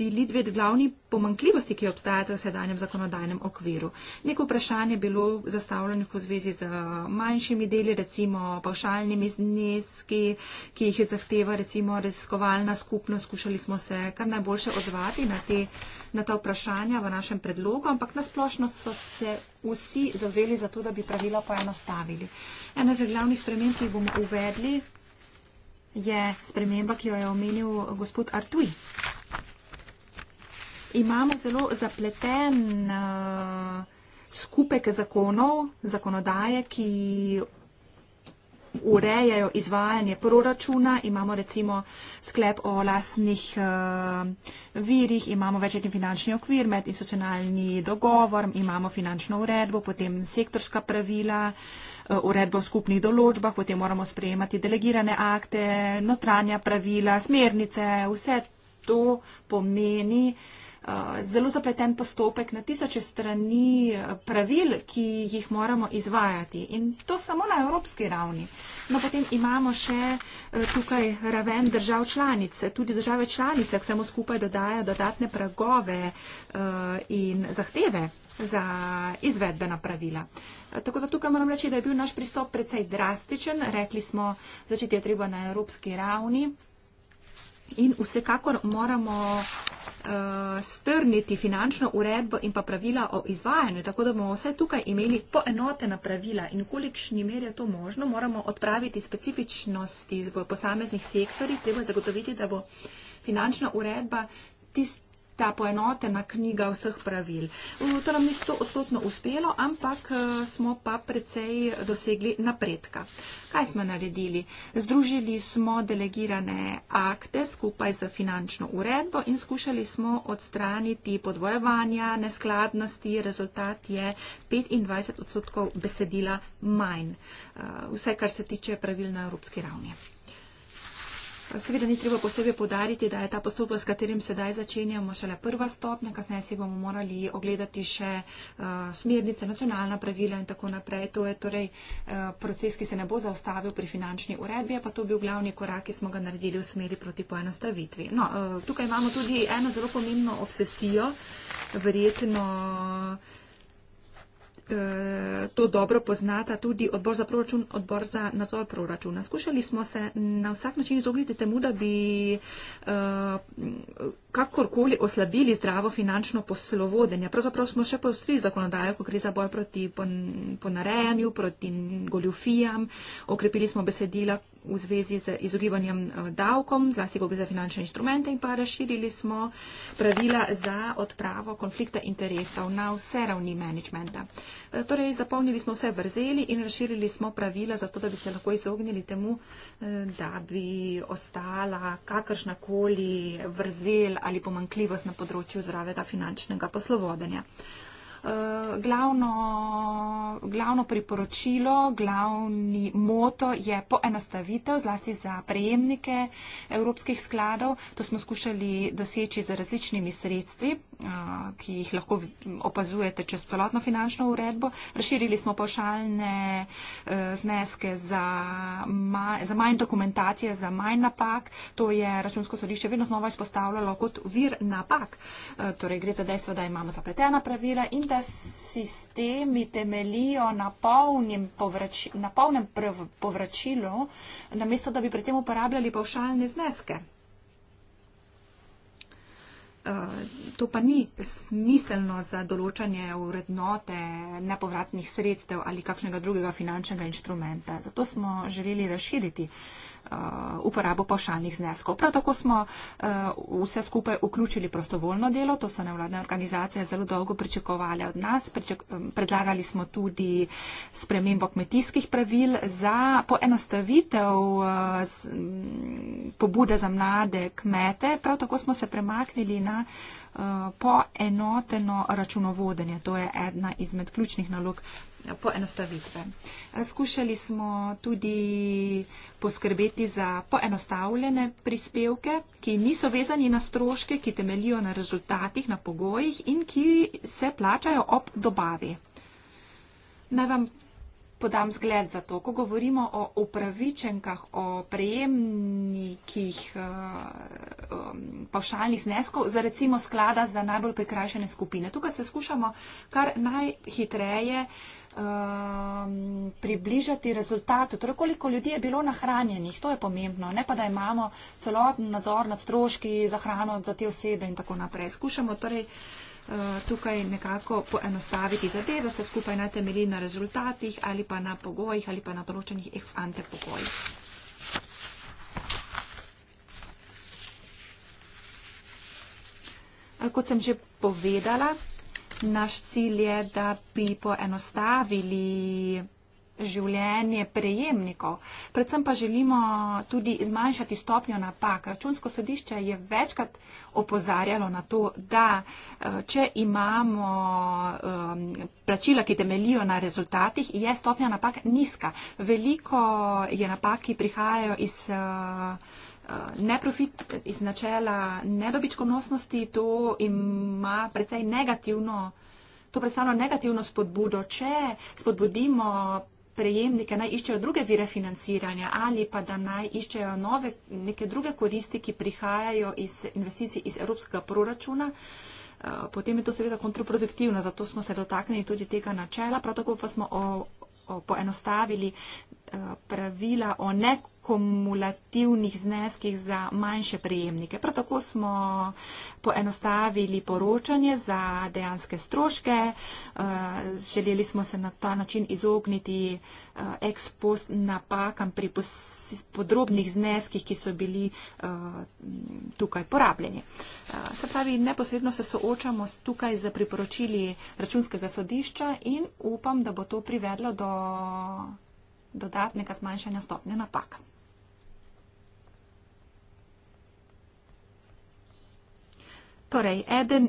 C: bili dve glavni pomankljivosti, ki obstajata v sedanjem zakonodajnem okviru. Neko vprašanje je bilo zastavljeno v zvezi z uh, manjšimi deli, recimo pavšalnimi zneski, ki jih je zahteva recimo raziskovalna skupnost. Skušali smo se kar najboljše odzvati na, te, na ta vprašanja v našem predlogu, ampak nasplošno so se vsi zavzeli za to, da bi pravila poenostavili. Ena z glavnih sprememb, ki jih bomo uvedli, je sprememba, ki jo je omenil gospod Artui imamo zelo zapleten uh, skupek zakonov, zakonodaje, ki urejajo izvajanje proračuna, imamo recimo sklep o lastnih uh, virih, imamo večletni finančni okvir med institucionalni dogovor, imamo finančno uredbo, potem sektorska pravila, uh, uredbo o skupnih določbah, potem moramo sprejemati delegirane akte, notranja pravila, smernice, vse to pomeni, uh, zelo zapleten postopek na tisoče strani pravil, ki jih moramo izvajati in to samo na evropski ravni. No, potem imamo še tukaj raven držav članice, tudi države članice, ki samo skupaj dodajajo dodatne pragove in zahteve za izvedbena pravila. Tako da tukaj moram reči, da je bil naš pristop precej drastičen. Rekli smo, začeti je treba na evropski ravni. In vsekakor moramo uh, strniti finančno uredbo in pa pravila o izvajanju, tako da bomo vse tukaj imeli poenotena pravila in v kolikšni meri je to možno, moramo odpraviti specifičnosti v posameznih sektorjih, treba zagotoviti, da bo finančna uredba tista ta poenotena knjiga vseh pravil. To nam ni stotno uspelo, ampak eh, smo pa precej dosegli napredka. Kaj smo naredili? Združili smo delegirane akte skupaj z finančno uredbo in skušali smo odstraniti podvojevanja, neskladnosti. Rezultat je 25 odstotkov besedila manj. Eh, vse, kar se tiče pravil na evropski ravni. Seveda ni treba posebej podariti, da je ta postopek, s katerim sedaj začenjamo, šele prva stopnja, kasneje si bomo morali ogledati še uh, smernice, nacionalna pravila in tako naprej. To je torej uh, proces, ki se ne bo zaustavil pri finančni uredbi, pa to bi bil glavni korak, ki smo ga naredili v smeri proti poenostavitvi. No, uh, tukaj imamo tudi eno zelo pomembno obsesijo, verjetno. Uh, Eh, to dobro poznata tudi odbor za proračun, odbor za nadzor proračuna. Skušali smo se na vsak način izogniti temu, da bi uh, kakorkoli oslabili zdravo finančno poslovodenje. Pravzaprav smo še postri zakonodajo, ko gre za boj proti ponarejanju, proti goljufijam. Okrepili smo besedila v zvezi z izogibanjem eh, davkom, zlasti ko gre za finančne inštrumente in pa razširili smo pravila za odpravo konflikta interesov na vse ravni menedžmenta. Eh, torej, zapolnili smo vse vrzeli in razširili smo pravila za to, da bi se lahko izognili temu, eh, da bi ostala kakršnakoli vrzel ali pomankljivost na področju zdravega finančnega poslovodenja. Eh, glavno, glavno priporočilo, glavni moto je poenostavitev, zlasti za prejemnike evropskih skladov. To smo skušali doseči z različnimi sredstvi, eh, ki jih lahko opazujete čez celotno finančno uredbo. Razširili smo pošalne eh, zneske za, za manj dokumentacije, za manj napak. To je računsko sodišče vedno znova izpostavljalo kot vir napak. Torej gre za dejstvo, da imamo zapletena pravila in da sistemi temelijo na, povrači, na polnem prv, povračilu, namesto da bi pri tem uporabljali pavšalne zneske. Uh, to pa ni smiselno za določanje urednote nepovratnih sredstev ali kakšnega drugega finančnega inštrumenta. Zato smo želeli razširiti uh, Eh, uporabo pošaljnih zneskov. Prav tako smo eh, vse skupaj vključili prostovoljno delo, to so nevladne organizacije zelo dolgo pričakovali od nas. Eh, predlagali smo tudi spremembo kmetijskih pravil za poenostavitev pobude za mlade kmete. Prav tako smo se premaknili na poenoteno računovodenje. To je ena izmed ključnih nalog poenostavitve. Skušali smo tudi poskrbeti za poenostavljene prispevke, ki niso vezani na stroške, ki temelijo na rezultatih, na pogojih in ki se plačajo ob dobavi. Naj vam podam zgled za to. Ko govorimo o upravičenkah, o prejemnikih eh, um, pavšalnih zneskov za recimo sklada za najbolj prikrajšene skupine. Tukaj se skušamo kar najhitreje um, približati rezultatu. Torej, koliko ljudi je bilo nahranjenih, to je pomembno, ne pa da imamo celoten nadzor nad stroški za hrano za te osebe in tako naprej. Skušamo torej Eh, tukaj nekako poenostaviti zadevo, se skupaj naj temelji na rezultatih ali pa na pogojih ali pa na določenih ex ante pogojih. Eh, kot sem že povedala, naš cilj je, da bi poenostavili življenje prejemnikov. Predvsem pa želimo tudi zmanjšati stopnjo napak. Računsko sodišče je večkrat opozarjalo na to, da eh, če imamo ehm, plačila, ki temelijo na rezultatih, je stopnja napak nizka. Veliko je napak, ki prihajajo iz. Eh, eh, neprofit iz načela nedobičkonosnosti, to ima precej negativno, to predstavlja negativno spodbudo. Če spodbudimo prejemnike naj iščejo druge vire financiranja ali pa da naj iščejo nove, neke druge koristi, ki prihajajo iz investicij iz evropskega proračuna. Eh, potem je to seveda kontraproduktivno, zato smo se dotaknili tudi tega načela, prav tako pa smo o, o, poenostavili eh, pravila o nekoristnosti kumulativnih zneskih za manjše prejemnike. Prav tako smo poenostavili poročanje za dejanske stroške. Eh, želeli smo se na ta način izogniti eh, ex post napakam pri podrobnih zneskih, ki so bili eh, tukaj porabljeni. Se pravi, neposredno se soočamo tukaj z priporočili računskega sodišča in upam, da bo to privedlo do dodatnega zmanjšanja stopnje napaka. Torej, eden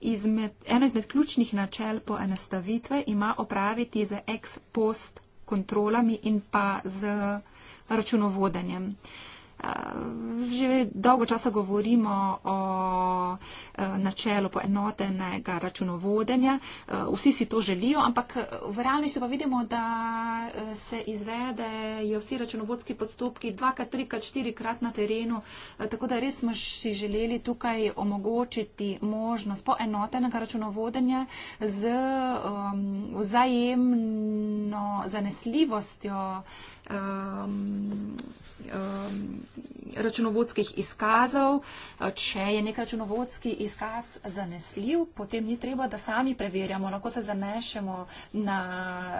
C: izmed, eno izmed ključnih načel poenostavitve ima opraviti z ex post kontrolami in pa z računovodenjem. Uh, Že dolgo časa govorimo o e, načelu poenotenega računovodenja. E, vsi si to želijo, ampak e, v realnosti pa vidimo, da se izvedejo vsi računovodski postopki dvakrat, trikrat, štirikrat na terenu. Tako da res smo si želeli tukaj omogočiti možnost poenotenega računovodenja z vzajemno zanesljivostjo um, um, računovodskih izkazov. Če je nek računovodski izkaz zanesljiv, potem ni treba, da sami preverjamo, lahko se zanešemo na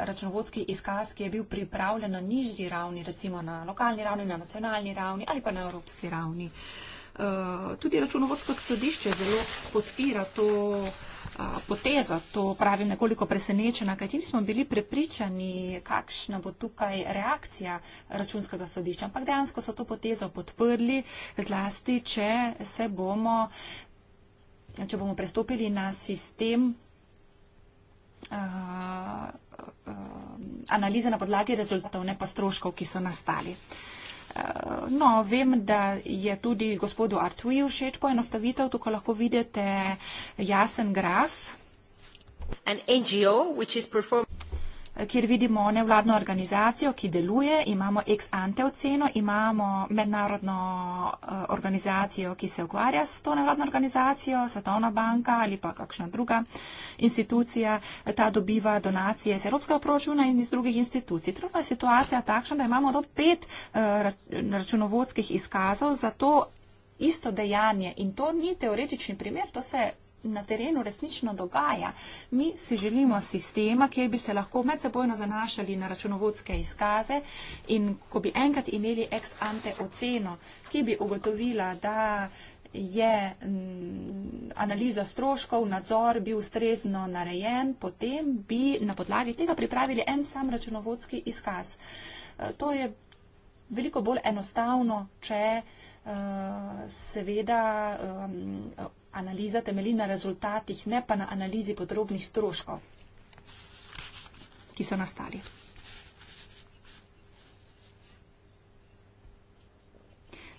C: računovodski izkaz, ki je bil pripravljen na nižji ravni, recimo na lokalni ravni, na nacionalni ravni ali pa na evropski ravni. Uh, tudi računovodsko sodišče zelo podpira to uh, potezo, to pravi nekoliko presenečena, kajti nismo bili prepričani, kakšna bo tukaj reakcija računskega sodišča. Ampak dejansko so to potezo podprli, zlasti, če, bomo, če bomo prestopili na sistem analize na podlagi rezultatov, ne pa stroškov, ki so nastali. No, vem, da je tudi gospodu Artuju všeč poenostavitev, tukaj lahko vidite jasen graf. An NGO, which is performing kjer vidimo nevladno organizacijo, ki deluje, imamo ex ante oceno, imamo mednarodno eh, organizacijo, ki se ukvarja s to nevladno organizacijo, Svetovna banka ali pa kakšna druga institucija, eh, ta dobiva donacije iz Evropskega proračuna in iz drugih institucij. Trudna situacija je takšna, da imamo do pet eh, računovodskih izkazov za to isto dejanje in to ni teoretični primer, to se na terenu resnično dogaja. Mi si želimo sistema, kjer bi se lahko medsebojno zanašali na računovodske izkaze in ko bi enkrat imeli ex ante oceno, ki bi ugotovila, da je mm, analiza stroškov, nadzor bil ustrezno narejen, potem bi na podlagi tega pripravili en sam računovodski izkaz. E, to je veliko bolj enostavno, če e, seveda e, analiza temelji na rezultatih, ne pa na analizi podrobnih stroškov, ki so nastali.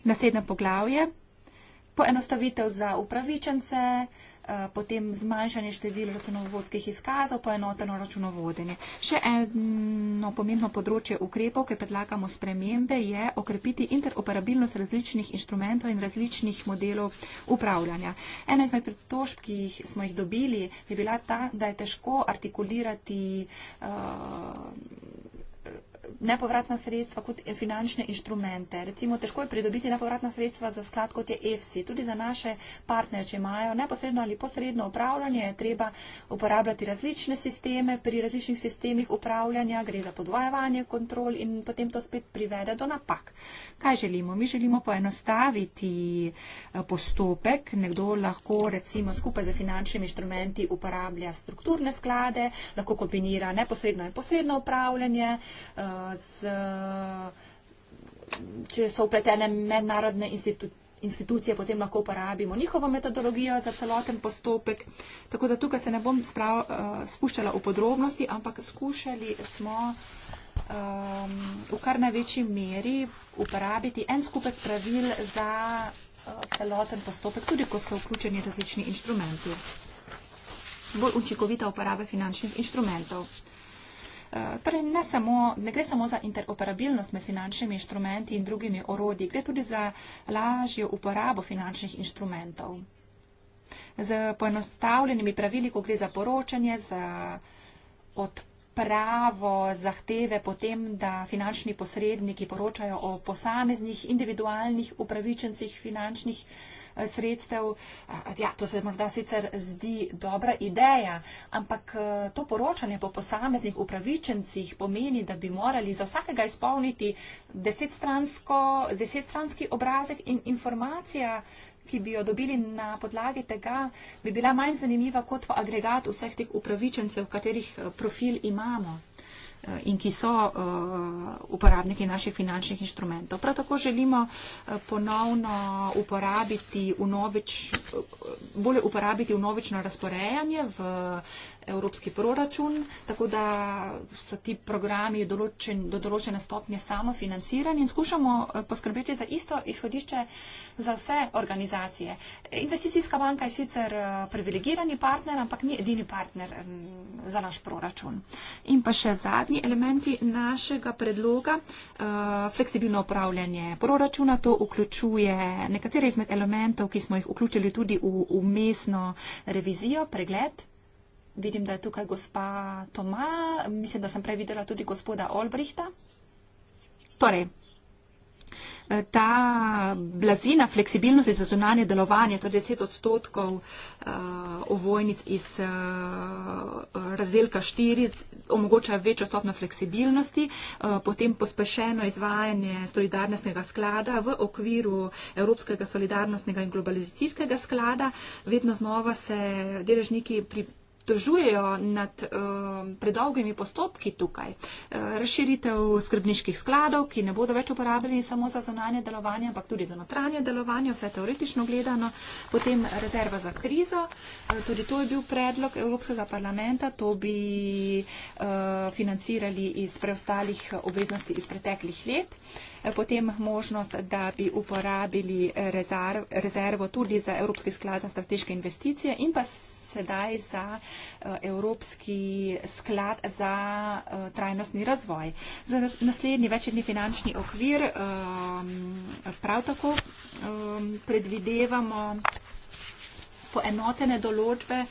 C: Naslednje poglavje. Poenostavitev za upravičence. Eh, potem zmanjšanje števila računovodskih izkazov, poenoteno računovodenje. Še eno pomembno področje ukrepov, ker predlagamo spremembe, je okrepiti interoperabilnost različnih inštrumentov in različnih modelov upravljanja. Ena izmed pritožb, ki jih smo jih dobili, je bila ta, da je težko artikulirati. Uh, nepovratna sredstva kot finančne inštrumente. Recimo, težko je pridobiti nepovratna sredstva za sklad kot je EFSI. Tudi za naše partnerje, če imajo neposredno ali posredno upravljanje, je treba uporabljati različne sisteme. Pri različnih sistemih upravljanja gre za podvajanje kontrol in potem to spet privede do napak. Kaj želimo? Mi želimo poenostaviti eh, postopek. Nekdo lahko recimo skupaj z finančnimi inštrumenti uporablja strukturne sklade, lahko kombinira neposredno in posredno upravljanje. Eh, z, če so vpletene mednarodne institucije, potem lahko uporabimo njihovo metodologijo za celoten postopek. Tako da tukaj se ne bom sprav, eh, spuščala v podrobnosti, ampak skušali smo um, v kar največji meri uporabiti en skupek pravil za eh, celoten postopek, tudi ko so vključeni različni instrumenti. Bolj učinkovita uporaba finančnih instrumentov. Eh, torej, ne, samo, ne gre samo za interoperabilnost med finančnimi inštrumenti in drugimi orodji, gre tudi za lažjo uporabo finančnih inštrumentov. Z poenostavljenimi pravili, ko gre za poročanje, za odpravo zahteve potem, da finančni posredniki poročajo o posameznih individualnih upravičencih finančnih inštrumentov, sredstev. Ja, to se morda sicer zdi dobra ideja, ampak eh, to poročanje po posameznih upravičencih pomeni, da bi morali za vsakega izpolniti desetstranski obrazek in informacija, ki bi jo dobili na podlagi tega, bi bila manj zanimiva kot pa agregat vseh teh upravičencev, katerih eh, profil imamo in ki so eh, uporabniki naših finančnih inštrumentov. Prav tako želimo eh, ponovno uporabiti, unovič, eh, bolje uporabiti unovično razporejanje v evropski proračun, tako da so ti programi določen, do določene stopnje samofinancirani in skušamo eh, poskrbeti za isto izhodišče za vse organizacije. Investicijska banka je sicer eh, privilegirani partner, ampak ni edini partner mm, za naš proračun. In pa še zadnji elementi našega predloga, eh, fleksibilno upravljanje proračuna, to vključuje nekatere izmed elementov, ki smo jih vključili tudi v umestno revizijo, pregled Vidim, da je tukaj gospa Toma, mislim, da sem prej videla tudi gospoda Olbrihta. Torej, ta blazina, fleksibilnost za zunanje delovanje, to je 10 odstotkov uh, ovojnic iz uh, razdelka 4, omogoča večjo stopno fleksibilnosti, uh, potem pospešeno izvajanje solidarnostnega sklada v okviru Evropskega solidarnostnega in globalizacijskega sklada. Vedno znova se deležniki pri obtožujejo nad eh, predolgimi postopki tukaj. Eh, razširitev skrbniških skladov, ki ne bodo več uporabljeni samo za zonanje delovanje, ampak tudi za notranje delovanje, vse teoretično gledano. Potem rezerva za krizo. Eh, tudi to je bil predlog Evropskega parlamenta. To bi financirali iz preostalih obveznosti iz preteklih let. Potem možnost, da bi uporabili rezervo tudi za Evropski sklad za strateške investicije in pa sedaj za eh, Evropski sklad za eh, trajnostni razvoj. Za naslednji večerni finančni okvir eh, prav tako predvidevamo poenotene določbe.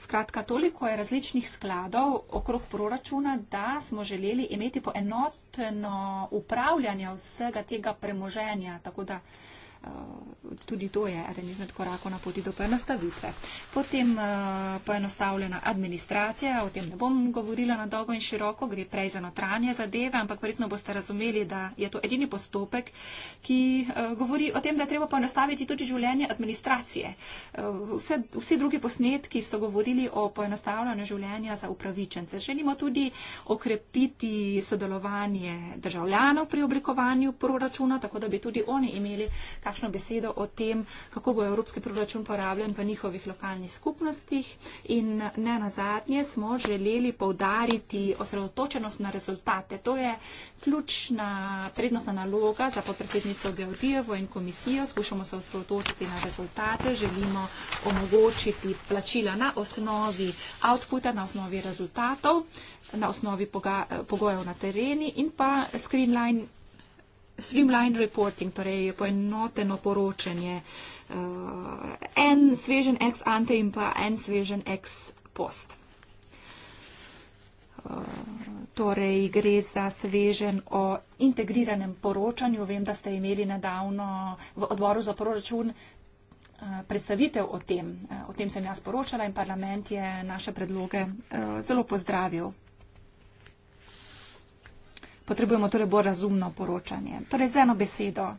C: Skratka, toliko je različnih skladov okrog proračuna, da smo želeli imeti poenoteno upravljanje vsega tega premoženja. Tako da uh, Eh, tudi to je eden izmed korakov na poti do poenostavitve. Potem eh, poenostavljena administracija, o tem ne bom govorila na dolgo in široko, gre prej za notranje zadeve, ampak verjetno boste razumeli, da je to edini postopek, ki eh, govori o tem, da je treba poenostaviti tudi življenje administracije. Vse, vsi drugi posnetki so govorili o poenostavljanju življenja za upravičence. Želimo tudi okrepiti sodelovanje državljanov pri oblikovanju proračuna, tako da bi tudi oni imeli kakšne kakšno besedo o tem, kako bo evropski proračun porabljen v njihovih lokalnih skupnostih. In ne na zadnje smo želeli povdariti osredotočenost na rezultate. To je ključna prednostna naloga za podpredsednico Georgijevo in komisijo. Skušamo se osredotočiti na rezultate, želimo omogočiti plačila na osnovi outputa, na osnovi rezultatov, na osnovi pogojev na tereni in pa screenline Streamline reporting, torej poenoteno poročanje, eh, en svežen ex ante in pa en svežen ex post. Eh, torej gre za svežen o integriranem poročanju. Vem, da ste imeli nedavno v odboru za proračun eh, predstavitev o tem. O tem sem jaz poročala in parlament je naše predloge zelo pozdravil potrebujemo torej bolj razumno poročanje. Torej, z eno besedo.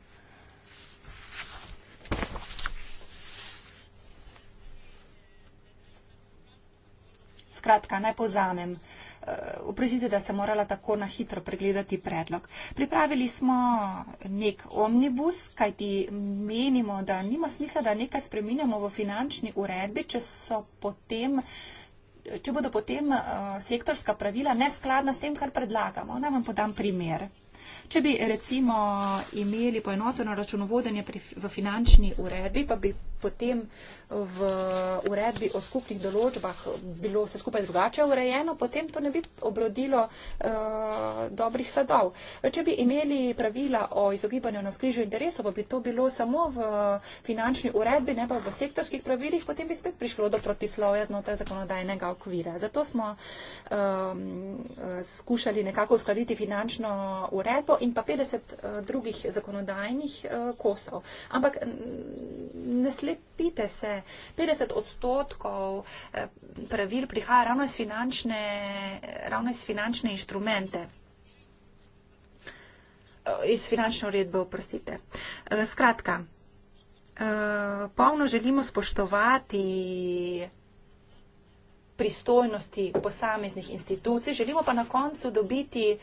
C: Skratka, naj povzamem. Eh, oprostite, da sem morala tako na hitro pregledati predlog. Pripravili smo nek omnibus, kajti menimo, da nima smisla, da nekaj spreminjamo v finančni uredbi, če so potem uh, če bodo potem uh, sektorska pravila neskladna s tem, kar predlagamo. Naj vam podam primer. Če bi recimo imeli poenoteno računovodenje pri, v finančni uredbi, pa bi potem uh, v uredbi o skupnih določbah bilo vse skupaj drugače urejeno, potem to ne bi obrodilo uh, dobrih sadov. Če bi imeli pravila o izogibanju na skrižju interesov, pa bi to bilo samo v finančni uredbi, ne pa v sektorskih pravilih, potem bi spet prišlo do protislovja znotraj zakonodajnega okvira. Zato smo um, skušali nekako uskladiti finančno uredbo in pa 50 uh, eh, drugih zakonodajnih uh, kosov. Ampak ne slepite se, 50 odstotkov eh, pravil prihaja ravno iz finančne, ravno iz finančne inštrumente. Eh, iz finančne uredbe, oprostite. Eh, skratka, polno želimo spoštovati pristojnosti posameznih institucij, želimo pa na koncu dobiti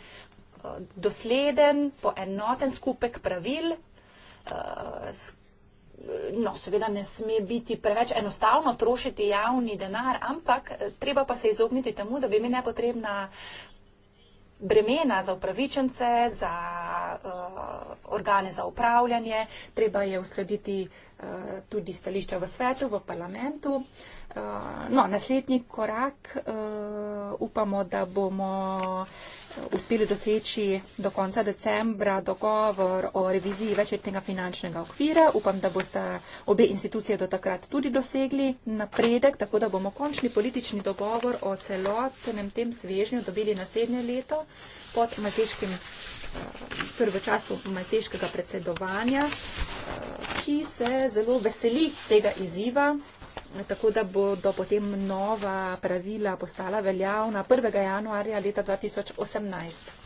C: dosleden, poenoten skupek pravil, No, seveda ne sme biti preveč enostavno trošiti javni denar, ampak eh, treba pa se izogniti temu, da bi mi nepotrebna bremena za upravičence, za uh, organe za upravljanje, treba je uskladiti uh, Eh, tudi stališča v svetu, v parlamentu. Eh, no, naslednji korak eh, upamo, da bomo uspeli doseči do konca decembra dogovor o reviziji večletnega finančnega okvira. Upam, da boste obe institucije do takrat tudi dosegli napredek, tako da bomo končni politični dogovor o celotnem tem svežnju dobili naslednje leto pod mateškim kar v času malteškega predsedovanja, eh, ki se zelo veseli tega izziva, tako da bodo potem nova pravila postala veljavna 1. januarja leta 2018.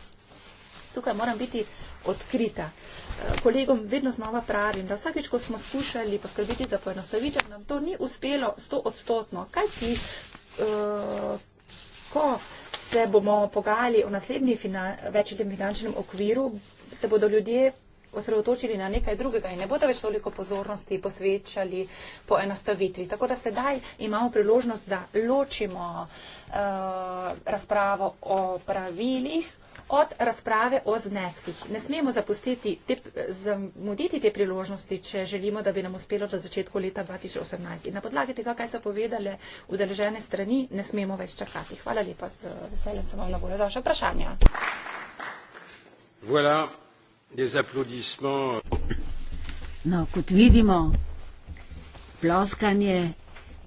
C: Tukaj moram biti odkrita. Eh, kolegom vedno znova pravim, da vsakeč, ko smo skušali poskrbiti za poenostavitev, nam to ni uspelo sto odstotno. Kaj ti, uh, eh, ko se bomo pogajali o naslednjem finan, večjem finančnem okviru, se bodo ljudje osredotočili na nekaj drugega in ne bodo več toliko pozornosti posvečali po enostavitvi. Tako da sedaj imamo priložnost, da ločimo uh, razpravo o pravilih od razprave o zneskih. Ne smemo te, zamuditi te priložnosti, če želimo, da bi nam uspelo do začetku leta 2018. In na podlagi tega, kaj so povedale udeležene strani, ne smemo več čakati. Hvala lepa, z veseljem sem vam na voljo za vaše vprašanje.
A: Voilà,
B: no, kot vidimo, ploskanje,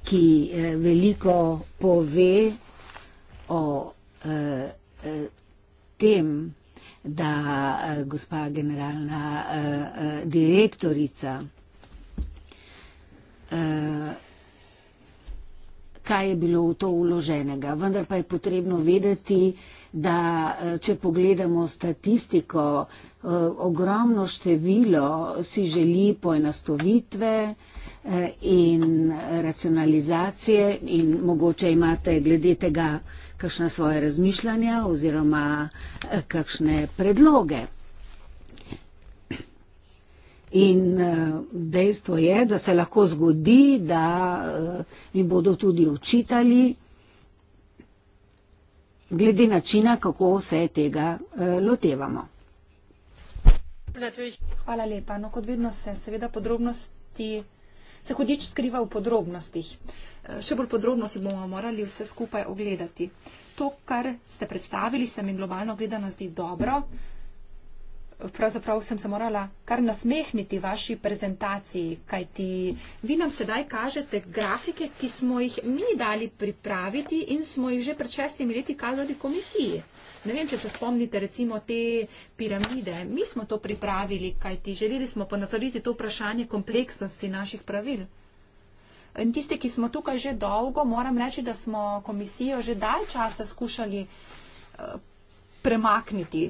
B: ki eh, veliko pove o eh, eh, tem, da eh, gospa generalna eh, eh, direktorica, kaj je bilo v to uloženega. Vendar pa je potrebno vedeti, da če pogledamo statistiko, ogromno število si želi poenostavitve in racionalizacije in mogoče imate glede tega kakšne svoje razmišljanja oziroma eh, kakšne predloge. In eh, dejstvo je, da se lahko zgodi, da eh, mi bodo tudi učitali glede načina, kako vse tega lotevamo.
C: Hvala lepa. No, kot vedno se seveda podrobnosti, se hudič skriva v podrobnostih. Še bolj podrobno si bomo morali vse skupaj ogledati. To, kar ste predstavili, se mi globalno gledano zdi dobro. Pravzaprav sem se morala kar nasmehniti vaši prezentaciji, kaj ti vi nam sedaj kažete grafike, ki smo jih mi dali pripraviti in smo jih že pred šestimi leti kazali komisiji. Ne vem, če se spomnite recimo te piramide. Mi smo to pripravili, kaj ti želeli smo ponazoriti to vprašanje kompleksnosti naših pravil. In tiste, ki smo tukaj že dolgo, moram reči, da smo komisijo že dalj časa skušali eh, premakniti.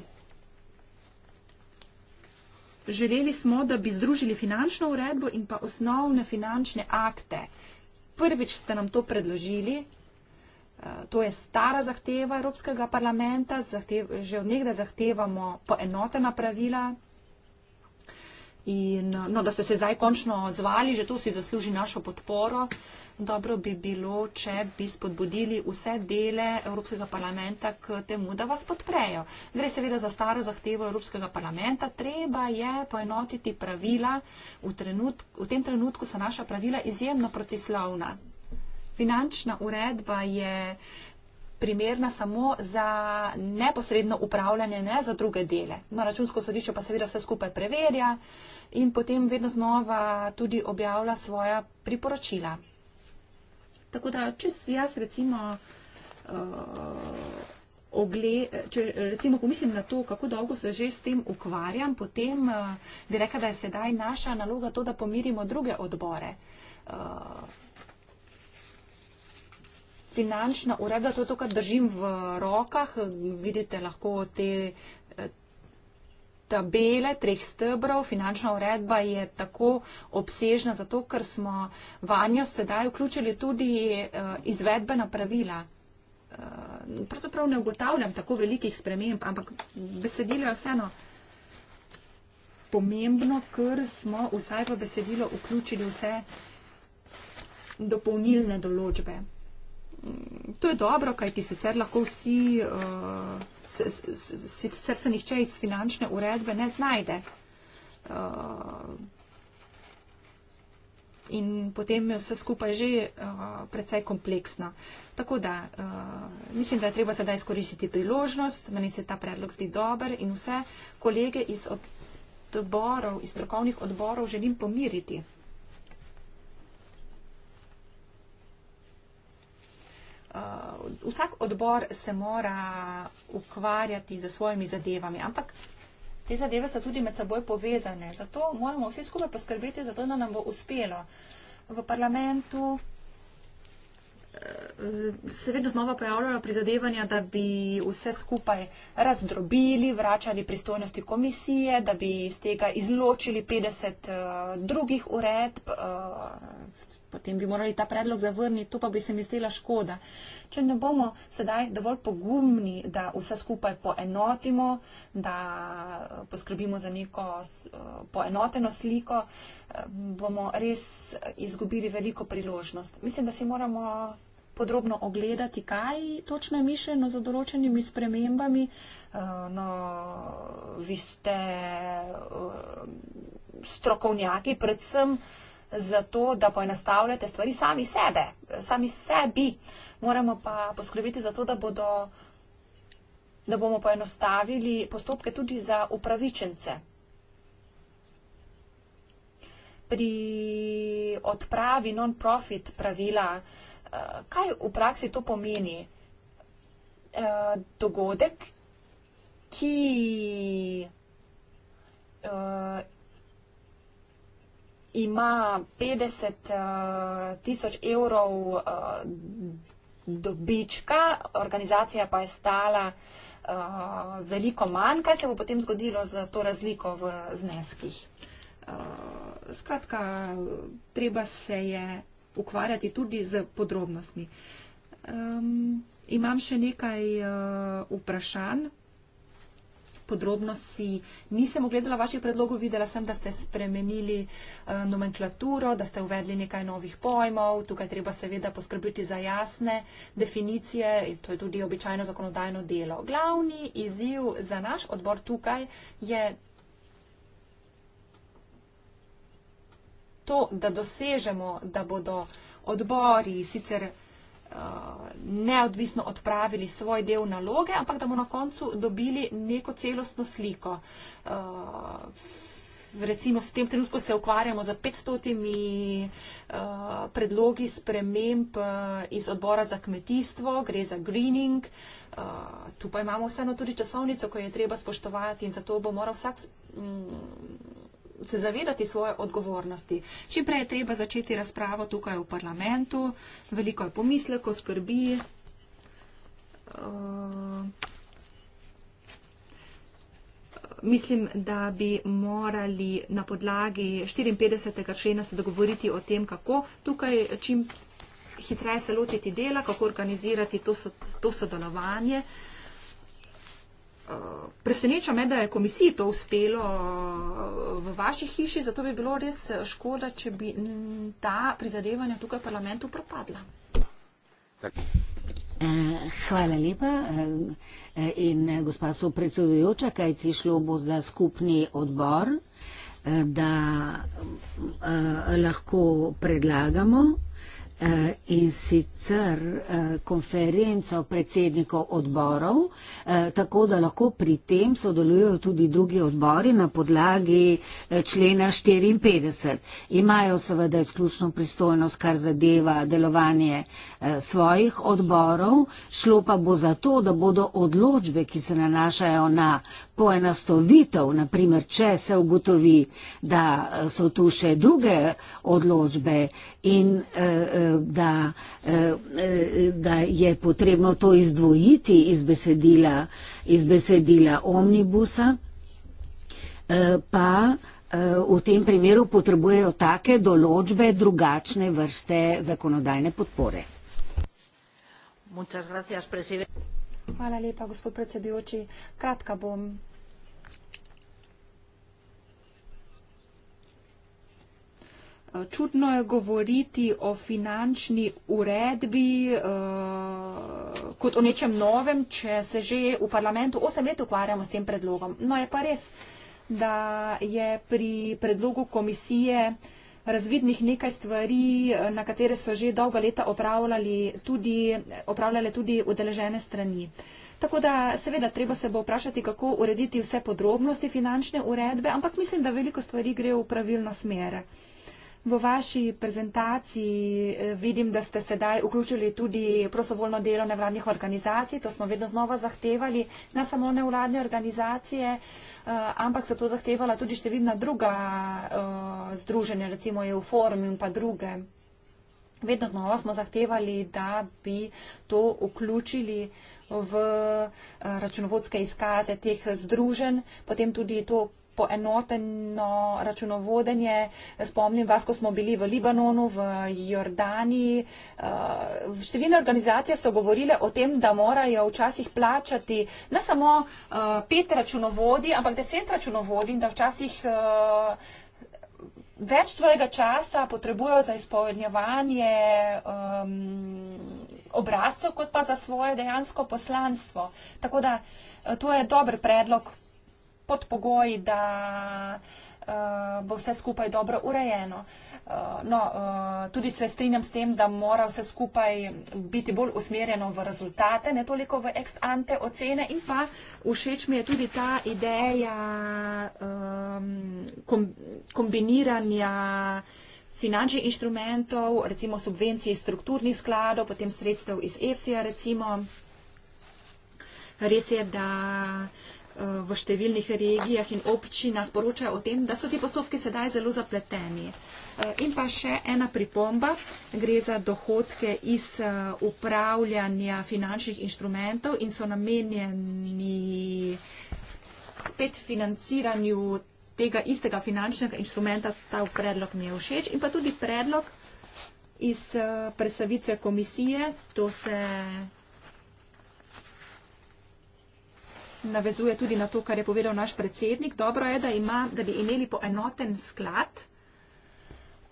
C: Želeli smo, da bi združili finančno uredbo in pa osnovne finančne akte. Prvič ste nam to predložili, eh, to je stara zahteva Evropskega parlamenta, zahtev, že od njega zahtevamo poenotena pravila In eh, no, da ste se zdaj končno odzvali, že to si zasluži našo podporo. Dobro bi bilo, če bi spodbudili vse dele Evropskega parlamenta k temu, da vas podprejo. Gre seveda za staro zahtevo Evropskega parlamenta. Treba je poenotiti pravila. V, trenutku, v tem trenutku so naša pravila izjemno protislovna. Finančna uredba je. Uh, primerna samo za neposredno upravljanje, ne za druge dele. No, računsko sodišče pa seveda vse skupaj preverja in potem vedno znova tudi objavlja svoja priporočila. Tako da, če jaz recimo, uh, ogle, če recimo pomislim na to, kako dolgo se že s tem ukvarjam, potem uh, bi rekla, da je sedaj naša naloga to, da pomirimo druge odbore. Uh, finančna uredba, to je to, kar držim v rokah. Vidite lahko te eh, tabele treh stebrov. Finančna uredba je tako obsežna, zato ker smo vanjo sedaj vključili tudi eh, izvedbena pravila. Eh, pravzaprav ne ugotavljam tako velikih sprememb, ampak besedilo je vseeno pomembno, ker smo vsaj v besedilo vključili vse dopolnilne določbe. To je dobro, kaj ti sicer lahko vsi, uh, sicer se nihče iz finančne uredbe ne znajde. Uh, in potem je vse skupaj že uh, precej kompleksno. Tako da uh, mislim, da je treba sedaj izkoristiti priložnost, meni se ta predlog zdi dober in vse kolege iz odborov, iz strokovnih odborov želim pomiriti. uh, vsak odbor se mora ukvarjati za svojimi zadevami, ampak te zadeve so tudi med seboj povezane. Zato moramo vsi skupaj poskrbeti, zato, da nam bo uspelo. V parlamentu uh, se vedno znova pojavljajo prizadevanja, da bi vse skupaj razdrobili, vračali pristojnosti komisije, da bi iz tega izločili 50 uh, eh, drugih uredb. Uh, potem bi morali ta predlog zavrniti, to pa bi se mi zdela škoda. Če ne bomo sedaj dovolj pogumni, da vse skupaj poenotimo, da poskrbimo za neko eh, poenoteno sliko, eh, bomo res izgubili veliko priložnost. Mislim, da si moramo podrobno ogledati, kaj točno je mišljeno za določenimi spremembami. Eh, no, vi ste strokovnjaki, predvsem zato, da poenostavljate stvari sami sebe, sami sebi. Moramo pa poskrbeti za to, da, bodo, da bomo poenostavili postopke tudi za upravičence. Pri odpravi non-profit pravila, eh, kaj v praksi to pomeni? Eh, dogodek, ki eh, ima 50 uh, eh, tisoč evrov uh, dobička, organizacija pa je stala uh, veliko manj. Kaj se bo potem zgodilo z to razliko v zneskih? Uh, skratka, treba se je ukvarjati tudi z podrobnostmi. Um, imam še nekaj uh, vprašanj podrobno si nisem ogledala vaših predlogov, videla sem, da ste spremenili uh, nomenklaturo, da ste uvedli nekaj novih pojmov, tukaj treba seveda poskrbiti za jasne definicije, to je tudi običajno zakonodajno delo. Glavni izziv za naš odbor tukaj je to, da dosežemo, da bodo odbori sicer Eh, neodvisno odpravili svoj del naloge, ampak da bomo na koncu dobili neko celostno sliko. Eh, recimo, v tem trenutku se ukvarjamo z 500 eh, predlogi sprememb iz odbora za kmetijstvo, gre za greening. Tu pa imamo vseeno tudi časovnico, ko je treba spoštovati in zato bo moral vsak se zavedati svoje odgovornosti. Čim prej je treba začeti razpravo tukaj v parlamentu, veliko je pomisleko, skrbi. Eh, mislim, da bi morali na podlagi 54. člena se dogovoriti o tem, kako tukaj čim hitreje se lotiti dela, kako organizirati to, to sodelovanje. Uh, Eh, preseneča me, da je komisiji to uspelo eh, v vaši hiši, zato bi bilo res eh, škoda, če bi ta prizadevanja tukaj v parlamentu propadla.
B: Hvala lepa in gospa so predsedujoča, kaj ti šlo bo za skupni odbor, da lahko predlagamo. Eh, in sicer eh, konferenco predsednikov odborov, eh, tako da lahko pri tem sodelujo tudi drugi odbori na podlagi člena 54. Imajo seveda izključno pristojnost, kar zadeva delovanje svojih odborov, šlo pa bo za to, da bodo odločbe, ki se nanašajo na poenostovitev, naprimer, če se ugotovi, da so tu še druge odločbe in da, eh, da je potrebno to izdvojiti iz besedila, iz besedila omnibusa, eh, pa eh, v tem primeru potrebujejo take določbe drugačne vrste zakonodajne podpore.
C: Hvala lepa, gospod predsedujoči. Kratka bom. Čudno je govoriti o finančni uredbi uh, kot o nečem novem, če se že v parlamentu osem let ukvarjamo s tem predlogom. No je pa res, da je pri predlogu komisije razvidnih nekaj stvari, na katere so že dolga leta tudi, opravljale tudi udeležene strani. Tako da seveda treba se bo vprašati, kako urediti vse podrobnosti finančne uredbe, ampak mislim, da veliko stvari gre v pravilno smer. V vaši prezentaciji eh, vidim, da ste sedaj vključili tudi prosovoljno delo nevladnih organizacij, to smo vedno znova zahtevali, ne samo nevladne organizacije, eh, ampak so to zahtevala tudi številna druga eh, združenja, recimo EU-forum in pa druge. Vedno znova smo zahtevali, da bi to vključili v računovodske izkaze teh združenj, potem tudi to poenoteno računovodenje. Spomnim vas, ko smo bili v Libanonu, v Jordaniji. Eh, številne organizacije so govorile o tem, da morajo včasih plačati ne samo eh, pet računovodij, ampak deset računovodij in da včasih eh, več svojega časa potrebujejo za izpolnjevanje ehm, obrazcev, kot pa za svoje dejansko poslanstvo. Tako da to je dober predlog pod pogoji, da eh, bo vse skupaj dobro urejeno. Eh, no, eh, tudi se strinjam s tem, da mora vse skupaj biti bolj usmerjeno v rezultate, ne toliko v ex ante ocene in pa všeč mi je tudi ta ideja ehm, kombiniranja finančnih inštrumentov, recimo subvencij iz strukturnih skladov, potem sredstev iz EFSI-ja recimo. Res je, da Eh, v številnih regijah in občinah poročajo o tem, da so ti postopki sedaj zelo zapleteni. Eh, in pa še ena pripomba, gre za dohodke iz eh, upravljanja finančnih inštrumentov in so namenjeni spet financiranju tega istega finančnega inštrumenta, ta predlog mi je všeč. In pa tudi predlog iz predstavitve komisije, to se navezuje tudi na to, kar je povedal naš predsednik. Dobro je, da, ima, da bi imeli poenoten sklad.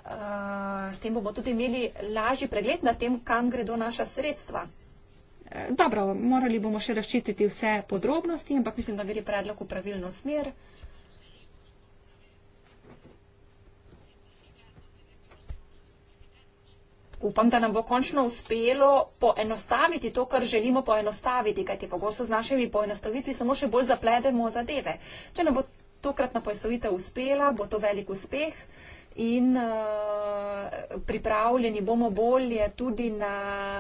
C: Eh, s tem bomo tudi imeli lažji pregled na tem, kam gredo naša sredstva. Eh, dobro, morali bomo še razčititi vse podrobnosti, ampak mislim, da gre predlog v pravilno smer. upam, da nam bo končno uspelo poenostaviti to, kar želimo poenostaviti, kajti pogosto z našimi poenostavitvi samo še bolj zapletemo zadeve. Če nam bo tokratna poenostavitev uspela, bo to velik uspeh in uh, pripravljeni bomo bolje tudi na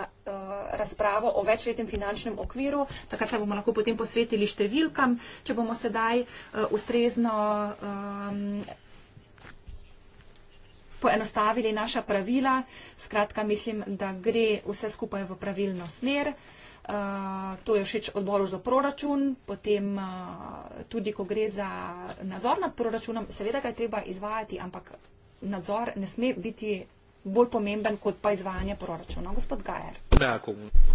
C: uh, razpravo o večletnem finančnem okviru. Takrat se bomo lahko potem posvetili številkam, če bomo sedaj uh, ustrezno. Um, poenostavili naša pravila. Skratka, mislim, da gre vse skupaj v pravilno smer. Uh, to je všeč odboru za proračun, potem uh, tudi, ko gre za nadzor nad proračunom, seveda ga je treba izvajati, ampak nadzor ne sme biti bolj pomemben kot pa izvajanje proračuna. Gospod Gajer.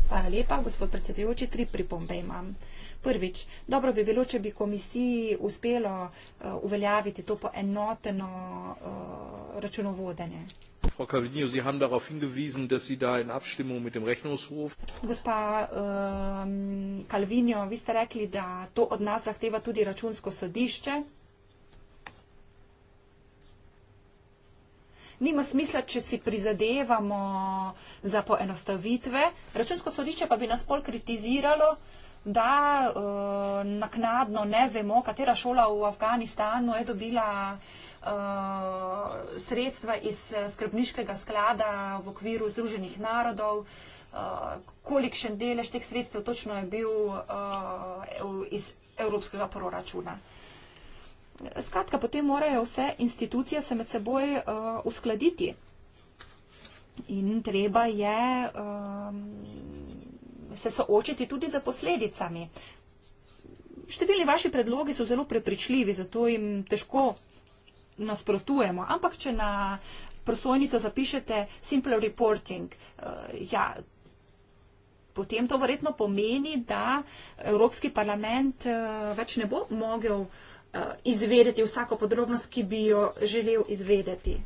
C: Hvala lepa, gospod predsedujoči, tri pripombe imam. Uh, Prvič, dobro bi bilo, če bi komisiji uspelo uh, uveljaviti to poenoteno uh, računovodenje. Frau Calvinio, Sie haben darauf hingewiesen, dass Sie da in Abstimmung mit dem Rechnungshof. Gospa um, Calvinio, vi ste rekli, da to od nas zahteva tudi računsko sodišče. Nima smisla, če si prizadevamo za poenostavitve. Računsko sodišče pa bi nas pol kritiziralo, uh, da uh, naknadno ne vemo, katera šola v Afganistanu je dobila uh, sredstva iz eh, skrbniškega sklada v okviru Združenih narodov, uh, kolikšen delež teh sredstev točno je bil uh, iz evropskega proračuna. Skratka, potem morajo vse institucije se med seboj uh, uskladiti in treba je. Um, se soočiti tudi za posledicami. Številni vaši predlogi so zelo prepričljivi, zato jim težko nasprotujemo. Ampak, če na prosojnico zapišete simple reporting, eh, ja, potem to verjetno pomeni, da Evropski parlament eh, več ne bo mogel eh, izvedeti vsako podrobnost, ki bi jo želel izvedeti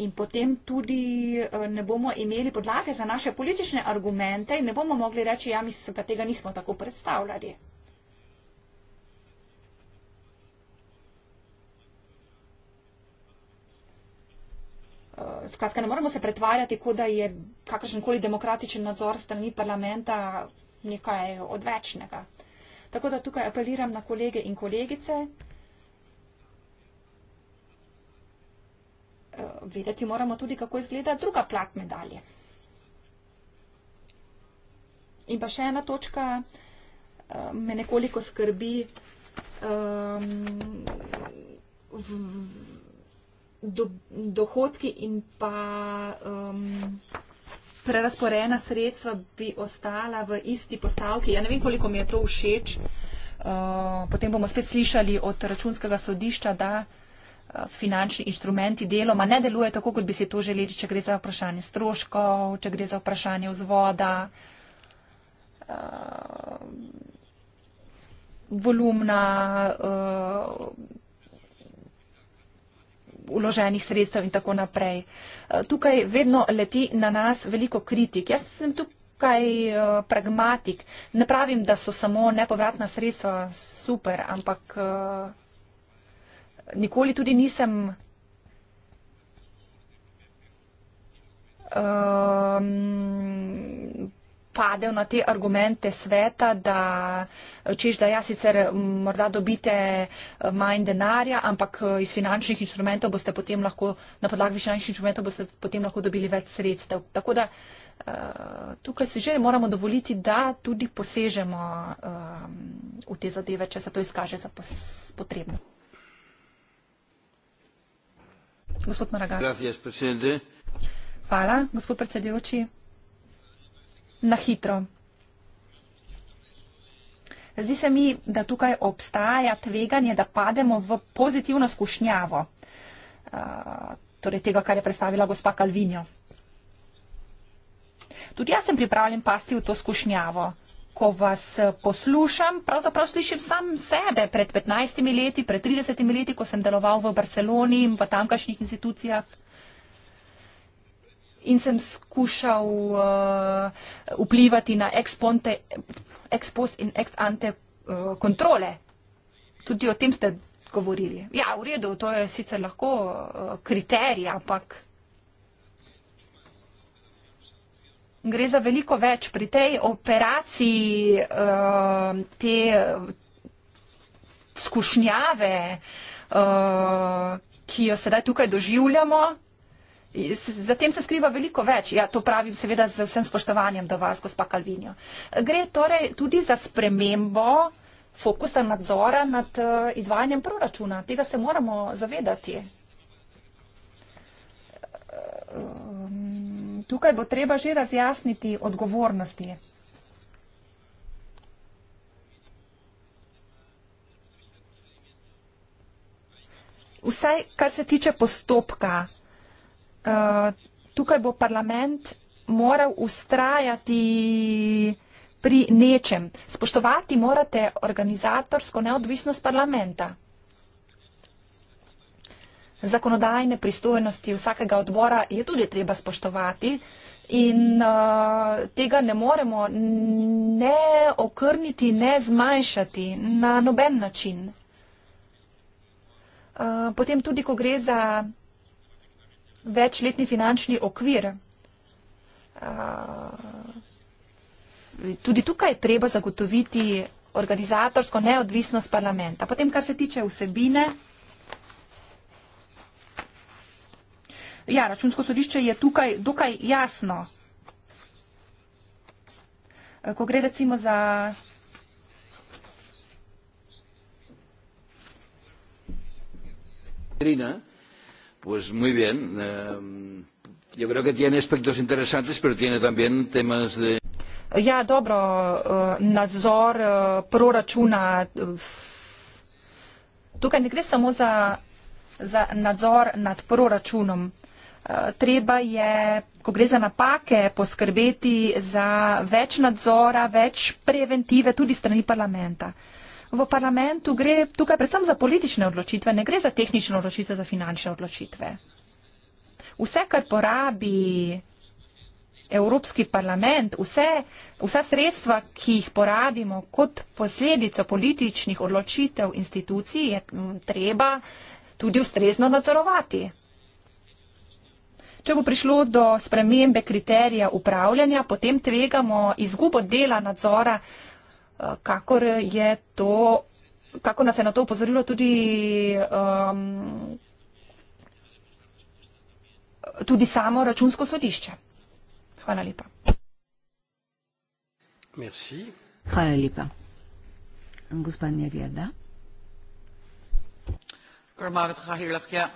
C: in potem tudi eh, ne bomo imeli podlage za naše politične argumente in ne bomo mogli reči, ja, mi se pa tega nismo tako predstavljali. Eh, skratka, ne moremo se pretvarjati, kot da je kakršenkoli demokratičen nadzor strani parlamenta nekaj odvečnega. Tako da tukaj apeliram na kolege in kolegice. Eh, vedeti moramo tudi, kako izgleda druga plat medalje. In pa še ena točka eh, me nekoliko skrbi. Ehm, v do, dohodki in pa um, ehm, prerasporena sredstva bi ostala v isti postavki. Ja ne vem, koliko mi je to všeč. Uh, potem bomo spet slišali od računskega sodišča, da uh, finančni inštrumenti deloma ne delujejo tako, kot bi si to želeli, če gre za vprašanje stroškov, če gre za vprašanje vzvoda, eh, volumna, uloženih eh, sredstev in tako naprej. Eh, tukaj vedno leti na nas veliko kritik. Jaz sem tu kaj uh, pragmatik. Ne pravim, da so samo nepovratna sredstva super, ampak nikoli tudi nisem um, padel na te argumente sveta, da češ, da ja sicer morda dobite eh, manj denarja, ampak eh, iz finančnih instrumentov boste potem lahko, na podlagi finančnih instrumentov boste potem lahko dobili več sredstev. Tako da eh, tukaj se že moramo dovoliti, da tudi posežemo v te zadeve, če se to izkaže za potrebno. Hvala, gospod predsedujoči. Na hitro. Zdi se mi, da tukaj obstaja tveganje, da pademo v pozitivno skušnjavo, uh, torej tega, kar je predstavila gospa Kalvinjo. Tudi jaz sem pripravljen pasti v to skušnjavo ko vas eh, poslušam, pravzaprav slišim sam sebe pred 15 leti, pred 30 leti, ko sem deloval v Barceloni in v tamkajšnjih institucijah. In sem skušal uh, vplivati na exponte, ex post in ex ante uh, kontrole. Tudi o tem ste govorili. Ja, v redu, to je sicer lahko uh, kriterij, ampak. gre za veliko več. Pri tej operaciji eh, te skušnjave, eh, ki jo sedaj tukaj doživljamo, Za tem se skriva veliko več. Ja, to pravim seveda z vsem spoštovanjem do vas, gospa Kalvinjo. Gre torej tudi za spremembo fokusa nadzora nad eh, izvajanjem proračuna. Tega se moramo zavedati. Um tukaj bo treba že razjasniti odgovornosti. Vsaj, kar se tiče postopka, eh, tukaj bo parlament moral ustrajati pri nečem. Spoštovati morate organizatorsko neodvisnost parlamenta zakonodajne pristojnosti vsakega odbora je tudi treba spoštovati. In uh, tega ne moremo ne okrniti, ne zmanjšati na noben način. Uh, potem tudi, ko gre za večletni finančni okvir, uh, tudi tukaj je treba zagotoviti organizatorsko neodvisnost parlamenta. Potem, kar se tiče vsebine, ja, računsko sodišče je tukaj dokaj jasno. E, ko gre recimo za.
A: Trina. Pues muy bien. Uh, yo creo que tiene aspectos interesantes, pero tiene también temas de.
C: Ja, dobro, uh, nadzor uh, proračuna. Uh, tukaj ne gre samo za, za nadzor nad proračunom. Uh, treba je, ko gre za napake, poskrbeti za več nadzora, več preventive tudi strani parlamenta. V parlamentu gre tukaj predvsem za politične odločitve, ne gre za tehnične odločitve, za finančne odločitve. Vse, kar porabi Evropski parlament, vse, vsa sredstva, ki jih porabimo kot posledico političnih odločitev institucij, je treba tudi ustrezno nadzorovati. Če bo prišlo do spremembe kriterija upravljanja, potem tvegamo izgubo dela nadzora, eh, kakor je to, kako nas je na to upozorilo tudi. Um, tudi samo računsko sodišče.
B: Hvala lepa. Merci. Hvala lepa. Gospa Njerjeda.
C: Ja,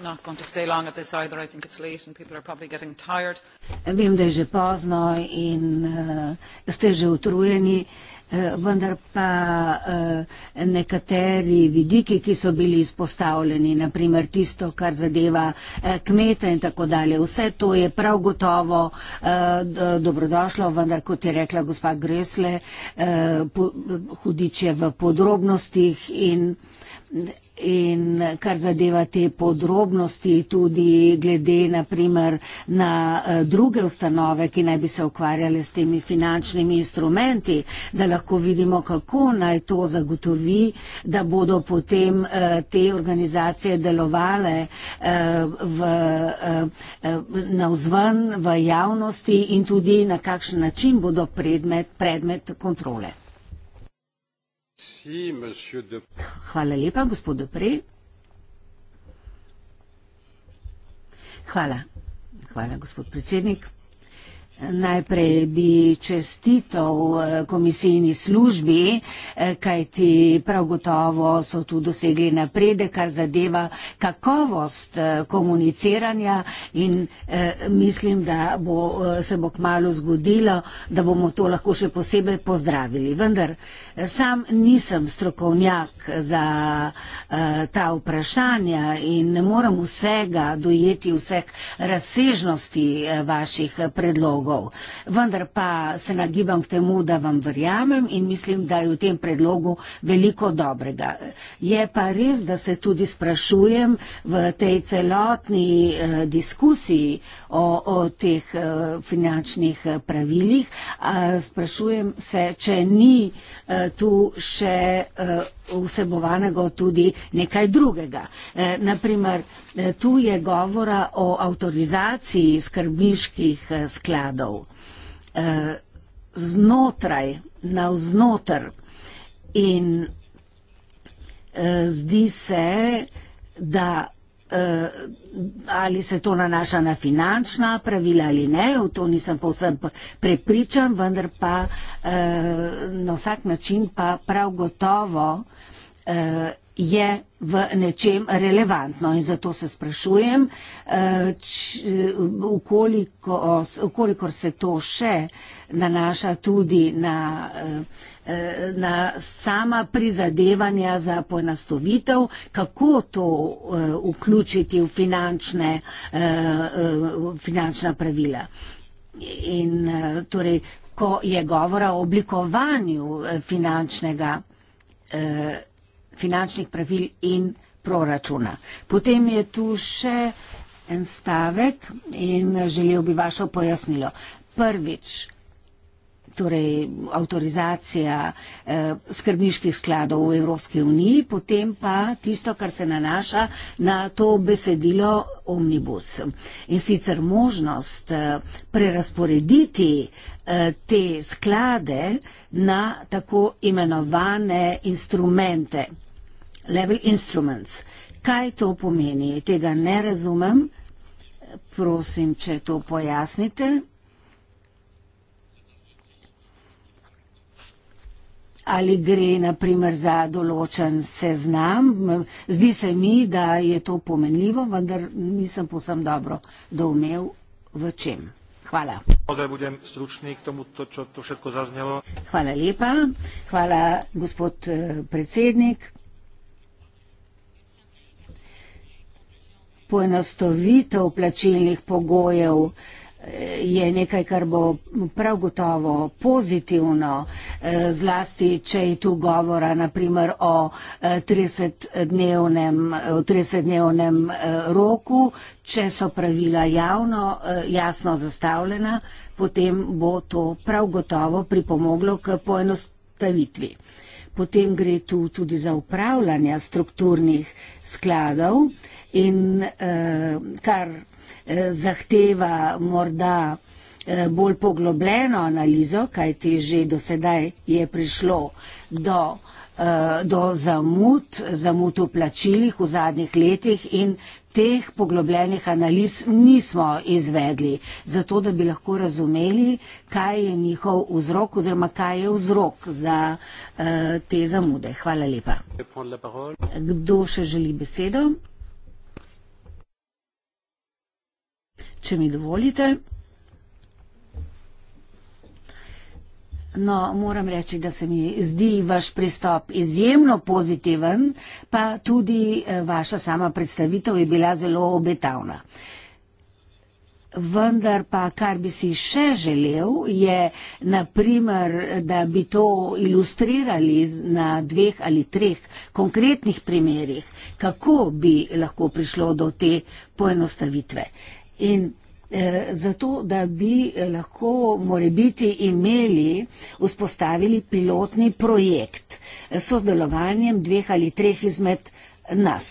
C: not going to stay long at this either. I think it's late and people are probably getting tired.
B: Vem, da je že pozno in uh, ste že utrujeni, uh, vendar pa uh, nekateri vidiki, ki so bili izpostavljeni, naprimer tisto, kar zadeva uh, kmete in tako dalje, vse to je prav gotovo uh, dobrodošlo, vendar kot je rekla gospa Gresle, uh, hudiče v podrobnostih in. In kar zadeva te podrobnosti, tudi glede naprimer, na eh, druge ustanove, ki naj bi se ukvarjale s temi finančnimi instrumenti, da lahko vidimo, kako naj to zagotovi, da bodo potem eh, te organizacije delovale eh, v, navzven v javnosti in tudi na kakšen način bodo predmet, predmet kontrole. Hvala lepa, gospod Dopre. Hvala. Hvala, gospod predsednik. Najprej bi čestitev eh, komisijni službi, eh, kajti prav gotovo so tu dosegli naprede, kar zadeva kakovost eh, komuniciranja in mislim, da bo, se bo kmalo zgodilo, da bomo to lahko še posebej pozdravili. Vendar Sam nisem strokovnjak za uh, ta vprašanja in ne morem vsega dojeti vseh razsežnosti eh, vaših predlogov. Vendar pa se nagibam k temu, da vam verjamem in mislim, da je v tem predlogu veliko dobrega. Je pa res, da se tudi sprašujem v tej celotni uh, diskusiji o, o teh uh, finančnih pravilih. Uh, sprašujem se, če ni uh, Eh, tu še eh, vsebovanega tudi nekaj drugega. Eh, Naprimer, tu je govora o avtorizaciji skrbniških skladov znotraj, navznotr in zdi se, da Eh, ali se to nanaša na finančna pravila ali ne, v to nisem povsem prepričan, vendar pa eh, na vsak način pa prav gotovo eh, je v nečem relevantno in zato se sprašujem, ukolikor se to še nanaša tudi na finančna pravila, Eh, na sama prizadevanja za poenostavitev, kako to eh, vključiti v finančne, eh, finančna pravila. In torej, ko je govora o oblikovanju finančnega, finančnih pravil in proračuna. Potem je tu še en stavek in želel bi vašo pojasnilo. Prvič, torej avtorizacija eh, skrbniških skladov v Evropski uniji, potem pa tisto, kar se nanaša na to besedilo omnibus. In sicer možnost eh, prerasporediti eh, te sklade na tako imenovane instrumente, level instruments. Kaj to pomeni? Tega ne razumem. Prosim, če to pojasnite. ali gre naprimer za določen seznam. Zdi se mi, da je to pomenljivo, vendar nisem posem dobro doumev v čem. Hvala. Hvala lepa. Hvala, gospod eh, predsednik. Poenostavitev plačilnih pogojev je nekaj, kar bo prav gotovo pozitivno, eh, zlasti, če je tu govora naprimer o 30-dnevnem eh, 30 eh, roku, če so pravila javno jasno zastavljena, potem bo to prav gotovo pripomoglo k poenostavitvi. Potem gre tu tudi za upravljanje strukturnih skladov in uh, kar uh, zahteva morda uh, bolj poglobljeno analizo, kajti že do sedaj je prišlo do do zamud, zamud v plačilih v zadnjih letih in teh poglobljenih analiz nismo izvedli, zato da bi lahko razumeli, kaj je njihov vzrok oziroma kaj je vzrok za uh, te zamude. Hvala lepa. Kdo še želi besedo? Če mi dovolite. No, moram reči, da se mi zdi vaš pristop izjemno pozitiven, pa tudi eh, vaša sama predstavitev je bila zelo obetavna. Vendar pa, kar bi si še želel, je, naprimer, da bi to ilustrirali na dveh ali treh konkretnih primerjih, kako bi lahko prišlo do te poenostavitve. Uh, In eh, zato, da bi lahko morebiti imeli, vzpostavili pilotni projekt s sodelovanjem dveh ali treh izmed nas.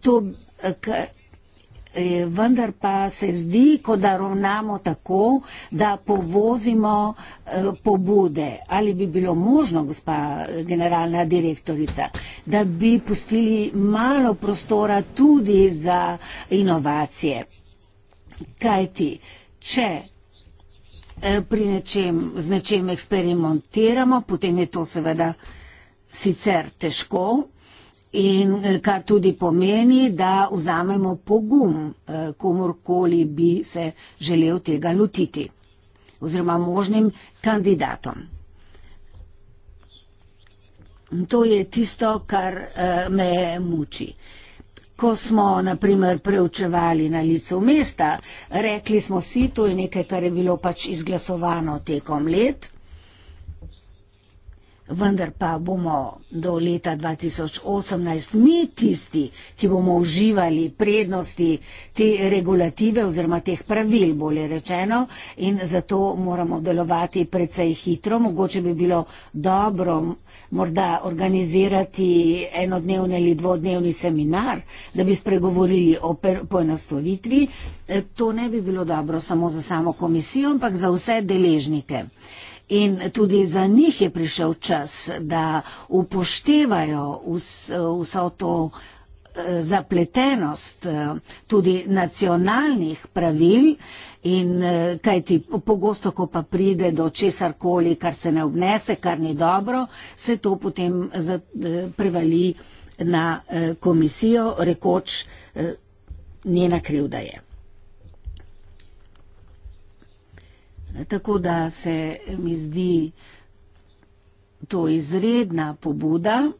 B: To, eh, eh, vendar pa se zdi, ko da ravnamo tako, da povozimo pobude. Ali bi bilo možno, gospa generalna direktorica, da bi pustili malo prostora tudi za inovacije? Kajti, če eh, nečem, z nečem eksperimentiramo, potem je to seveda sicer težko. In eh, kar tudi pomeni, da vzamemo pogum, eh, komorkoli bi se želel tega lotiti oziroma možnim kandidatom. In to je tisto, kar me muči. Ko smo, na primer, preučevali na licu mesta, rekli smo si, to je nekaj, kar je bilo pač izglasovano tekom let, vendar pa bomo do leta 2018 mi tisti, ki bomo uživali prednosti te regulative oziroma teh pravil, bolje rečeno, in zato moramo delovati precej hitro. Mogoče bi bilo dobro morda organizirati enodnevni ali dvodnevni seminar, da bi spregovorili o poenostavitvi. E, to ne bi bilo dobro samo za samo komisijo, ampak za vse deležnike. In tudi za njih je prišel čas, da upoštevajo vso to eh, zapletenost eh, tudi nacionalnih pravil in eh, kaj ti pogosto, ko pa pride do česar koli, kar se ne obnese, kar ni dobro, se to potem prevali na komisijo, rekoč njena krivda je. Tako da se mi zdi to izredna pobuda,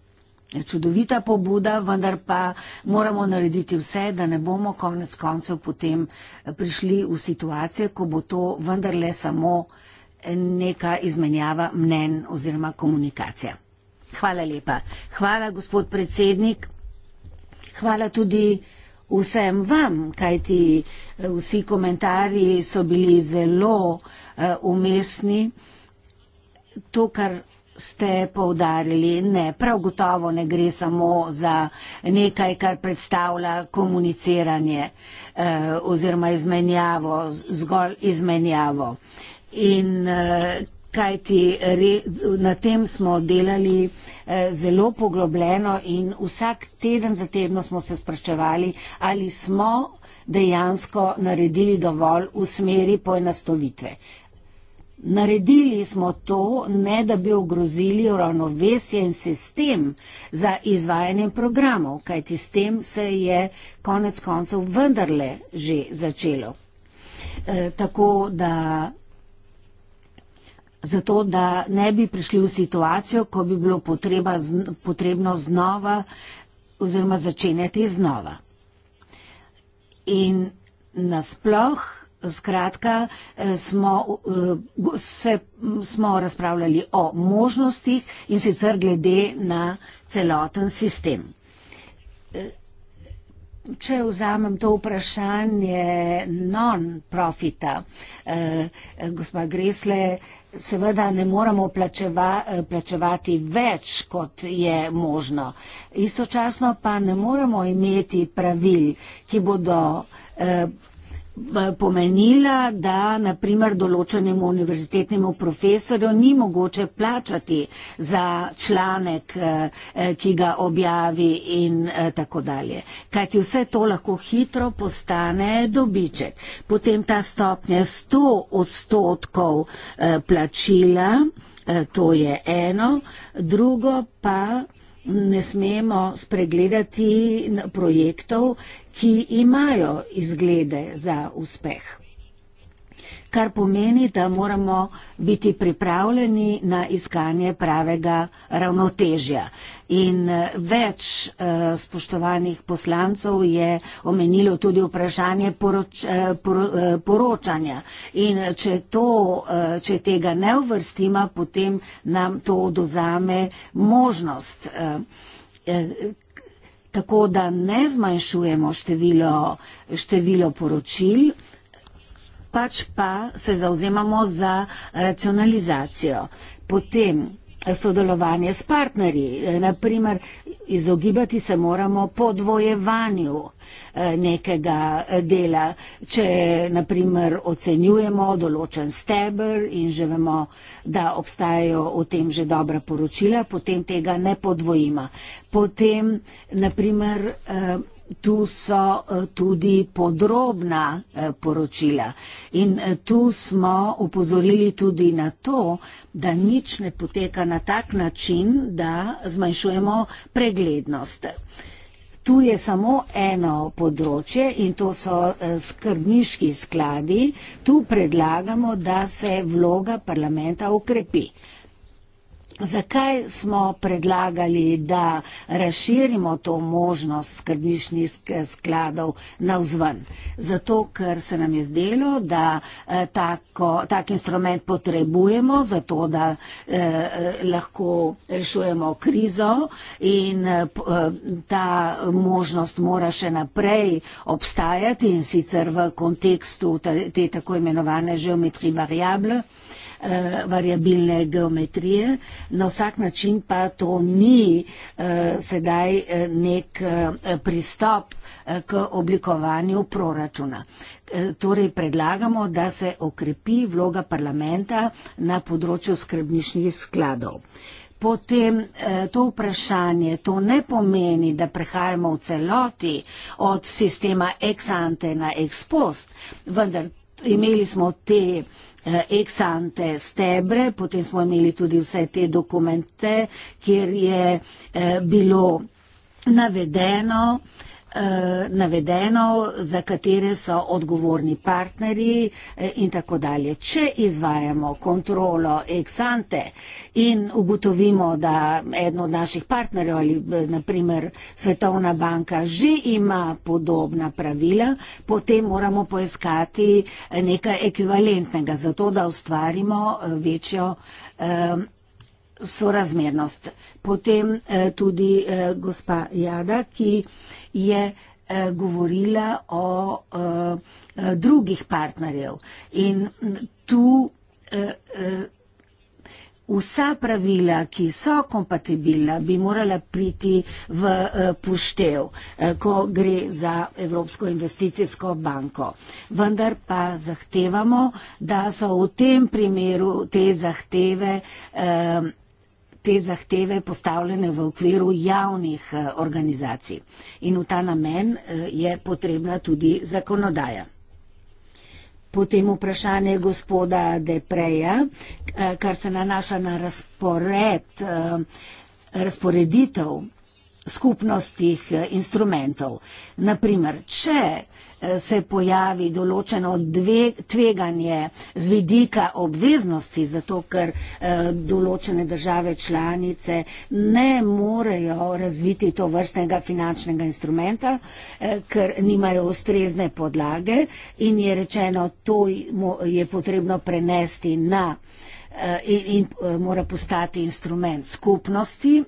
B: čudovita pobuda, vendar pa moramo narediti vse, da ne bomo konec koncev potem prišli v situacijo, ko bo to vendarle samo neka izmenjava mnen oziroma komunikacija. Hvala lepa. Hvala, gospod predsednik. Hvala tudi vsem vam, kajti eh, vsi komentarji so bili zelo eh, umestni. To, kar ste povdarili, ne, prav gotovo ne gre samo za nekaj, kar predstavlja komuniciranje eh, oziroma izmenjavo, zgolj izmenjavo. In kajti re, na tem smo delali eh, zelo poglobljeno in vsak teden za tedno smo se spraševali, ali smo dejansko naredili dovolj v smeri poenostavitve. Naredili smo to, ne da bi ogrozili ravnovesje in sistem za izvajanje programov, kajti s tem se je konec koncev vendarle že začelo. E, tako da zato da ne bi prišli v situacijo, ko bi bilo potreba, potrebno znova oziroma začenjati znova. In nasploh, skratka, eh, smo, eh, se, smo razpravljali o možnostih in sicer glede na celoten sistem. Eh, Če vzamem to vprašanje non-profita, eh, gospa Gresle, seveda ne moramo plačeva, eh, plačevati več, kot je možno. Istočasno pa ne moremo imeti pravil, ki bodo eh, pomenila, da naprimer določenemu univerzitetnemu profesorju ni mogoče plačati za članek, eh, eh, ki ga objavi in eh, tako dalje. Kajti vse to lahko hitro postane dobiček. Potem ta stopnja 100 odstotkov plačila, to je eno, drugo pa ne smemo spregledati projektov, ki imajo izglede za uspeh. Kar pomeni, da moramo biti pripravljeni na iskanje pravega ravnotežja in eh, več eh, spoštovanih poslancev je omenilo tudi vprašanje poroč, eh, por, poročanja. In če, to, če tega ne uvrstima, potem nam to dozame možnost. Tako da ne zmanjšujemo število, število poročil, pač pa se zauzemamo za racionalizacijo. Potem sodelovanje s partnerji. E, naprimer, izogibati se moramo podvojevanju e, nekega e, dela. Če naprimer ocenjujemo določen stebr in že vemo, da obstajajo o tem že dobra poročila, potem tega ne podvojimo. Potem, naprimer, tu so eh, tudi podrobna eh, poročila. In eh, tu smo upozorili tudi na to, da nič ne poteka na tak način, da zmanjšujemo preglednost. Tu je samo eno področje in to so skrbniški skladi. Tu predlagamo, da se vloga parlamenta ukrepi. Zakaj smo predlagali, da razširimo to možnost skrbišnjih skladov navzven? Zato, ker se nam je zdelo, da eh, tako, tak instrument potrebujemo, zato da eh, eh, lahko rešujemo krizo in eh, eh, ta možnost mora še naprej obstajati in sicer v kontekstu te, te tako imenovane geometrije variable uh, variabilne geometrije, na vsak način pa to ni uh, sedaj eh, nek uh, pristop k oblikovanju proračuna. Torej predlagamo, da se okrepi vloga parlamenta na področju skrbnišnjih skladov. Potem to vprašanje, to ne pomeni, da prehajamo v celoti od sistema ex ante na ex post, vendar imeli smo te Eh, ex ante stebre, potem smo imeli tudi vse te dokumente, kjer je eh, bilo navedeno, Eh, navedeno, za katere so odgovorni partnerji eh, in tako dalje. Če izvajamo kontrolo eksante in ugotovimo, da eno od naših partnerjev ali eh, naprimer Svetovna banka že ima podobna pravila, potem moramo poiskati nekaj ekvivalentnega za to, da ustvarimo večjo sorazmernost. Potem tudi gospa Jada, ki je eh, govorila o eh, drugih partnerjev. In tu eh, vsa pravila, ki so kompatibilna, bi morala priti v poštev, ko gre za Evropsko investicijsko banko. Vendar pa zahtevamo, da so v tem primeru te zahteve te zahteve postavljene v okviru javnih eh, organizacij in v ta namen eh, je potrebna tudi zakonodaja. Potem vprašanje gospoda Depreja, eh, kar se nanaša na razpored, razporeditev skupnostih instrumentov. Naprimer, če Eh, se pojavi določeno dve, tveganje z vidika obveznosti, zato ker eh, določene države članice ne morejo razviti to vrstnega finančnega instrumenta, eh, ker nimajo ustrezne podlage in je rečeno, to je potrebno prenesti na in, in mora postati instrument skupnosti.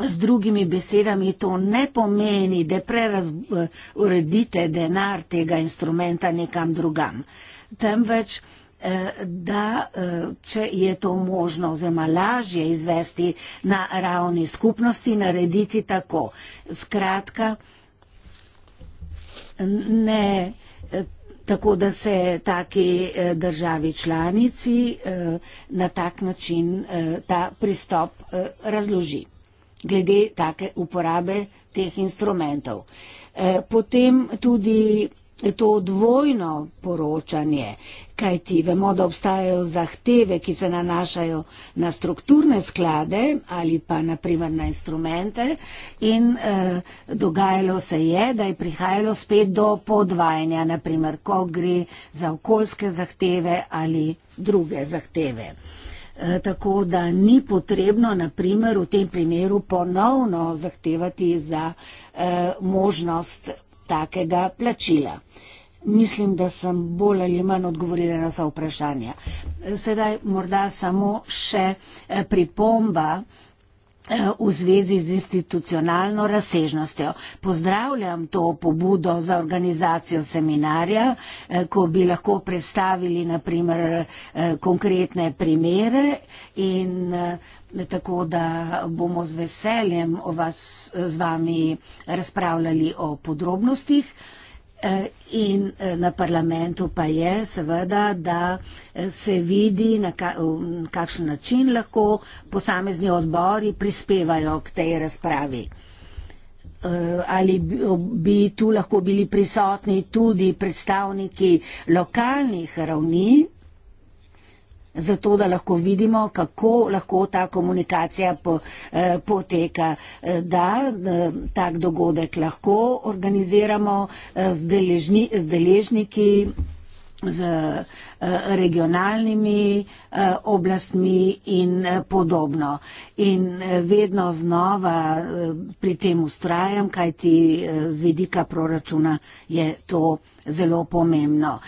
B: Z drugimi besedami to ne pomeni, da preuredite denar tega instrumenta nekam drugam, temveč, eh, da eh, če je to možno oziroma lažje izvesti na ravni skupnosti, narediti tako. Skratka, ne eh, tako, da se taki državi članici na tak način ta pristop razloži glede take uporabe teh instrumentov. Eh, potem tudi to dvojno poročanje, kaj ti vemo, da obstajajo zahteve, ki se nanašajo na strukturne sklade ali pa naprimer na instrumente in eh, dogajalo se je, da je prihajalo spet do podvajanja, naprimer, ko gre za okoljske zahteve ali druge zahteve. Eh, Eh, tako da ni potrebno, naprimer, v tem primeru ponovno zahtevati za eh, možnost takega plačila. Mislim, da sem bolj ali manj odgovorila na vsa vprašanja. Eh, sedaj morda samo še pripomba v zvezi z institucionalno razsežnostjo. Pozdravljam to pobudo za organizacijo seminarja, eh, ko bi lahko predstavili naprimer eh, konkretne primere in eh, tako, da bomo z veseljem vas, z vami razpravljali o podrobnostih. Eh, in eh, na parlamentu pa je seveda, da eh, se vidi, na kakšen način lahko posamezni odbori prispevajo k tej razpravi. Ali bi tu lahko bili prisotni tudi predstavniki lokalnih ravni, zato da lahko vidimo, kako lahko ta komunikacija po, eh, poteka, eh, da eh, tak dogodek lahko organiziramo eh, z deležniki. Zdeležni, z eh, regionalnimi eh, oblastmi in eh, podobno. In vedno znova pri tem ustrajam, kaj ti z vidika proračuna je to zelo pomembno.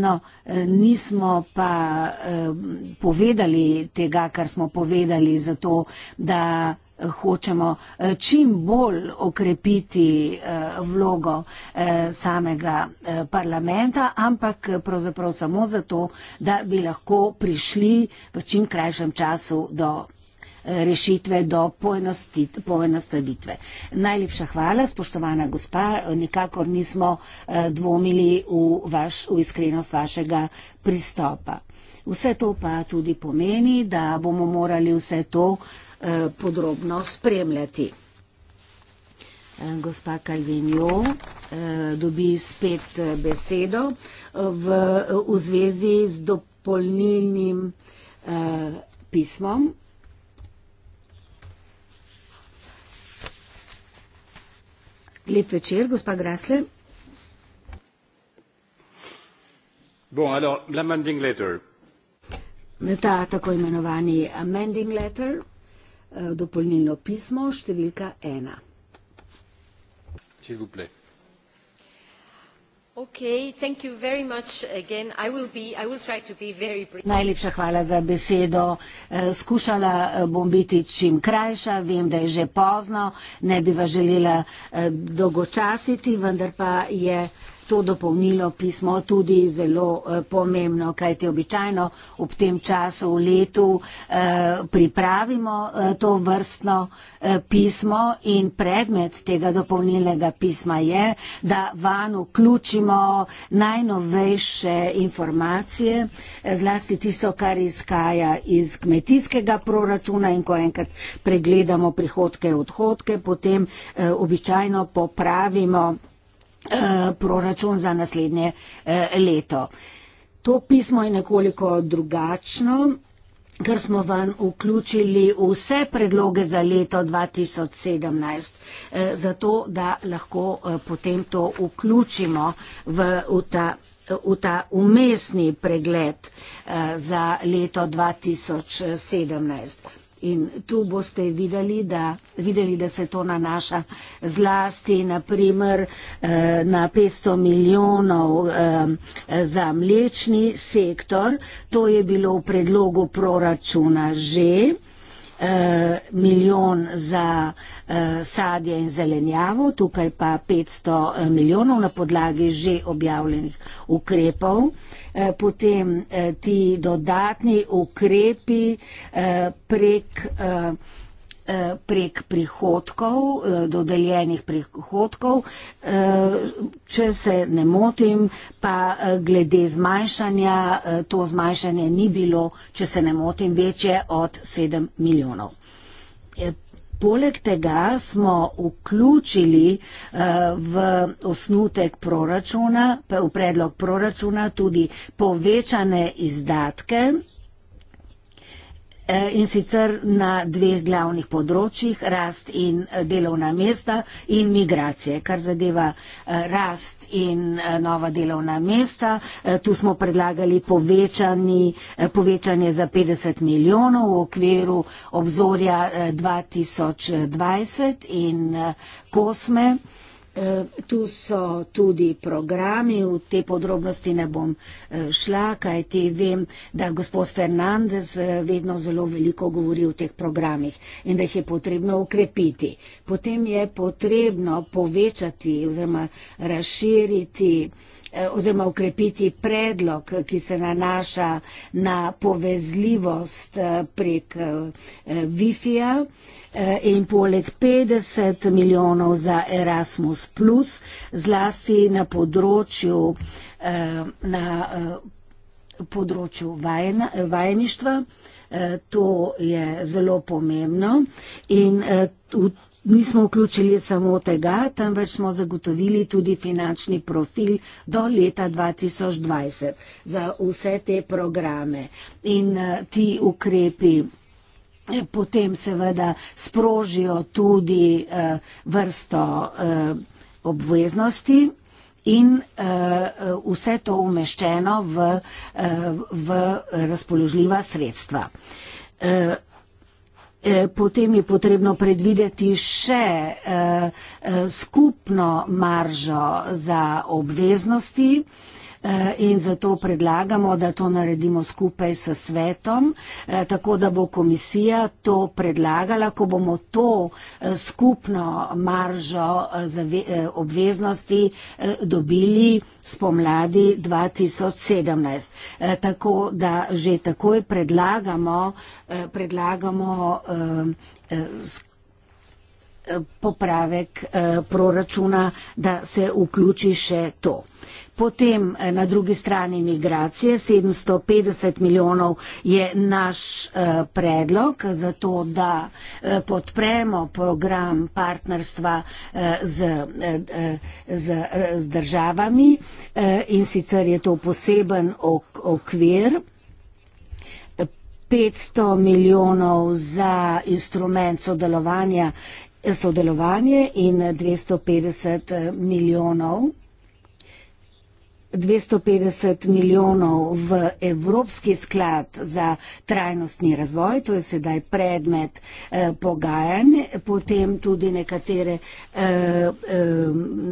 B: No, nismo pa povedali tega, kar smo povedali, zato da hočemo eh, čim bolj okrepiti eh, vlogo eh, samega parlamenta, ampak pravzaprav samo zato, da bi lahko prišli v čim krajšem času do rešitve do poenostavitve. Najlepša hvala, spoštovana gospa, nikakor nismo dvomili v, vaš, v iskrenost vašega pristopa. Vse to pa tudi pomeni, da bomo morali vse to uh, Eh, podrobno spremljati. Eh, gospa Kalvinjo eh, dobi spet besedo v, v zvezi z dopolnilnim pismom. Lep večer, gospa Grasle.
A: Bon, alors, l'amending letter.
B: Ta tako imenovani amending letter. Eh, dopolnilno pismo številka ena. Najlepša hvala za besedo. Eh, skušala eh, bom biti čim krajša, vem, da je že pozno, ne bi vas želela dolgočasiti, vendar pa je to dopolnilo pismo tudi zelo eh, pomembno, kajti običajno ob tem času v letu eh, pripravimo eh, to vrstno eh, pismo in predmet tega dopolnilnega pisma je, da van vključimo najnovejše informacije, eh, zlasti tisto, kar izhaja iz kmetijskega proračuna in ko enkrat pregledamo prihodke in odhodke, potem eh, običajno popravimo Eh, proračun za naslednje eh, leto. To pismo je nekoliko drugačno, ker smo vam vključili vse predloge za leto 2017, eh, zato da lahko potem to vključimo v, v ta v ta umestni pregled za leto 2017. In tu boste videli, da, videli, da se to nanaša zlasti naprimer, na 500 eh, milijonov eh, za mlečni sektor. To je bilo v predlogu proračuna že. Eh, milijon za eh, sadje in zelenjavo, tukaj pa 500 eh, milijonov na podlagi že objavljenih ukrepov. Potem ti dodatni ukrepi prek Eh, prek prihodkov, eh, dodeljenih prihodkov, eh, če se ne motim, pa glede zmanjšanja, to zmanjšanje ni bilo, če se ne motim, večje od 7 milijonov. Poleg tega smo vključili v osnutek proračuna, v predlog proračuna tudi povečane izdatke Eh, in sicer na dveh glavnih področjih, rast in eh, delovna mesta in migracije. Kar zadeva eh, rast in nova delovna mesta, tu smo predlagali povečanje za 50 milijonov v okviru obzorja 2020 in kosme. E, tu so tudi programi, v te podrobnosti ne bom e, šla, kaj ti vem, da gospod Fernandez e, vedno zelo veliko govori o teh programih in da jih je potrebno ukrepiti. Potem je potrebno povečati oziroma razširiti Eh, oziroma ukrepiti predlog, ki se nanaša na povezljivost eh, prek eh, Wi-Fi-ja in poleg 50 milijonov za Erasmus, zlasti na področju, na področju vajna, vajništva. To je zelo pomembno in tudi nismo vključili samo tega, temveč smo zagotovili tudi finančni profil do leta 2020 za vse te programe in eh, ti ukrepi. Eh, potem seveda sprožijo tudi eh, vrsto obveznosti in vse to umeščeno v, v razpoložljiva sredstva. Eh, potem je potrebno predvideti še eh, eh, skupno maržo za obveznosti. Eh, in zato predlagamo, da to naredimo skupaj s svetom, eh, tako da bo komisija to predlagala, ko bomo to eh, skupno maržo obveznosti dobili spomladi 2017. Tako da že takoj predlagamo, predlagamo popravek proračuna, da se vključi še to. Potem eh, na drugi strani migracije, 750 milijonov je naš eh, predlog za to, da eh, podpremo program partnerstva z, z, z državami in sicer je to poseben ok, okvir. 500 milijonov za instrument sodelovanja, sodelovanje in 250 milijonov 250 milijonov v Evropski sklad za trajnostni razvoj, to je sedaj predmet eh, pogajanj, potem tudi nekatere, eh, eh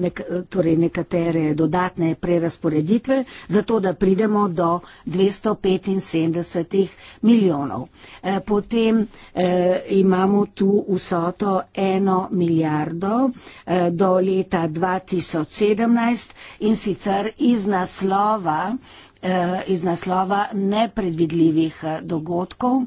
B: nek, torej nekatere dodatne prerasporeditve, zato da pridemo do 275 milijonov. Eh, potem eh, imamo tu vsoto eno milijardo eh, do leta 2017 in sicer iz naslova, eh, iz naslova nepredvidljivih eh, dogodkov.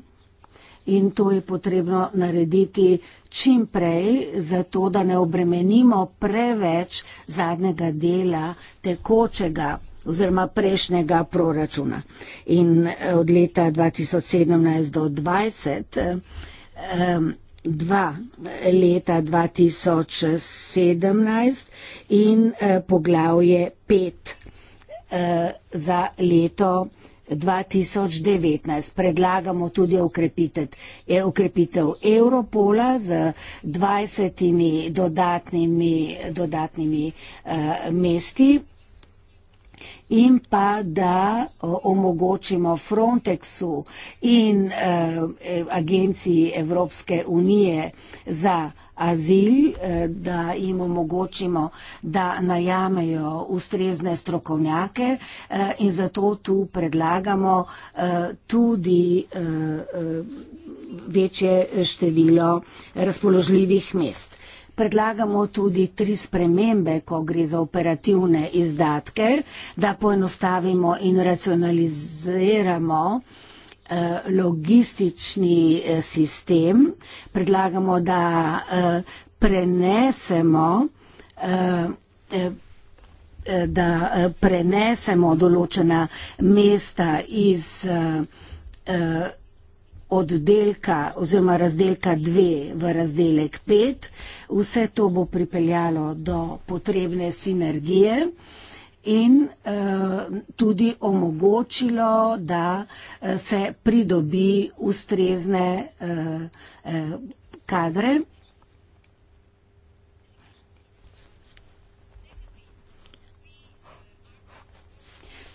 B: In to je potrebno narediti čim prej, zato da ne obremenimo preveč zadnjega dela tekočega oziroma prejšnjega proračuna. In eh, od leta 2017 do 2020, ehm, dva leta 2017 in poglavje 5 eh, za leto 2019. Predlagamo tudi ukrepitev eh, Europola z 20 dodatnimi, dodatnimi eh, mesti in pa da omogočimo Frontexu in eh, eh, agenciji Evropske unije za eh, azil, eh, da jim omogočimo, da najamejo ustrezne strokovnjake eh, in zato tu predlagamo eh, tudi večje število razpoložljivih mest. Predlagamo tudi tri spremembe, ko gre za operativne izdatke, da poenostavimo in racionaliziramo uh, Eh, logistični eh, sistem, predlagamo, da eh, prenesemo, da prenesemo določena mesta iz oddelka oziroma razdelka 2 v razdelek 5. Vse to bo pripeljalo do potrebne sinergije in eh, tudi omogočilo, da eh, se pridobi ustrezne eh, kadre.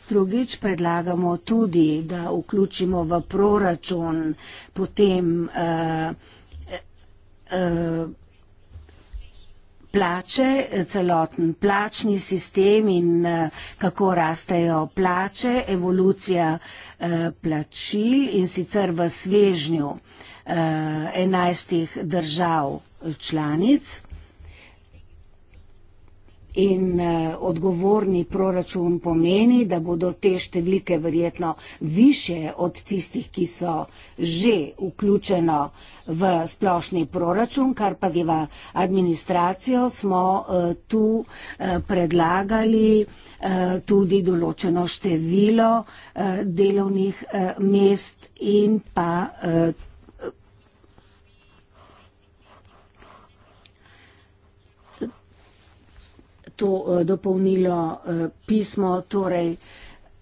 B: Drugič predlagamo tudi, da vključimo v proračun potem vsega, plače, celoten plačni sistem in eh, kako rastejo plače, evolucija eh, plačil in sicer v svežnju eh, enajstih držav članic in uh, odgovorni proračun pomeni, da bodo te številke verjetno više od tistih, ki so že vključeno v splošni proračun, kar pa zeva administracijo, smo uh, tu uh, predlagali uh, tudi določeno število uh, delovnih uh, mest in pa uh, to eh, dopolnilo eh, pismo, torej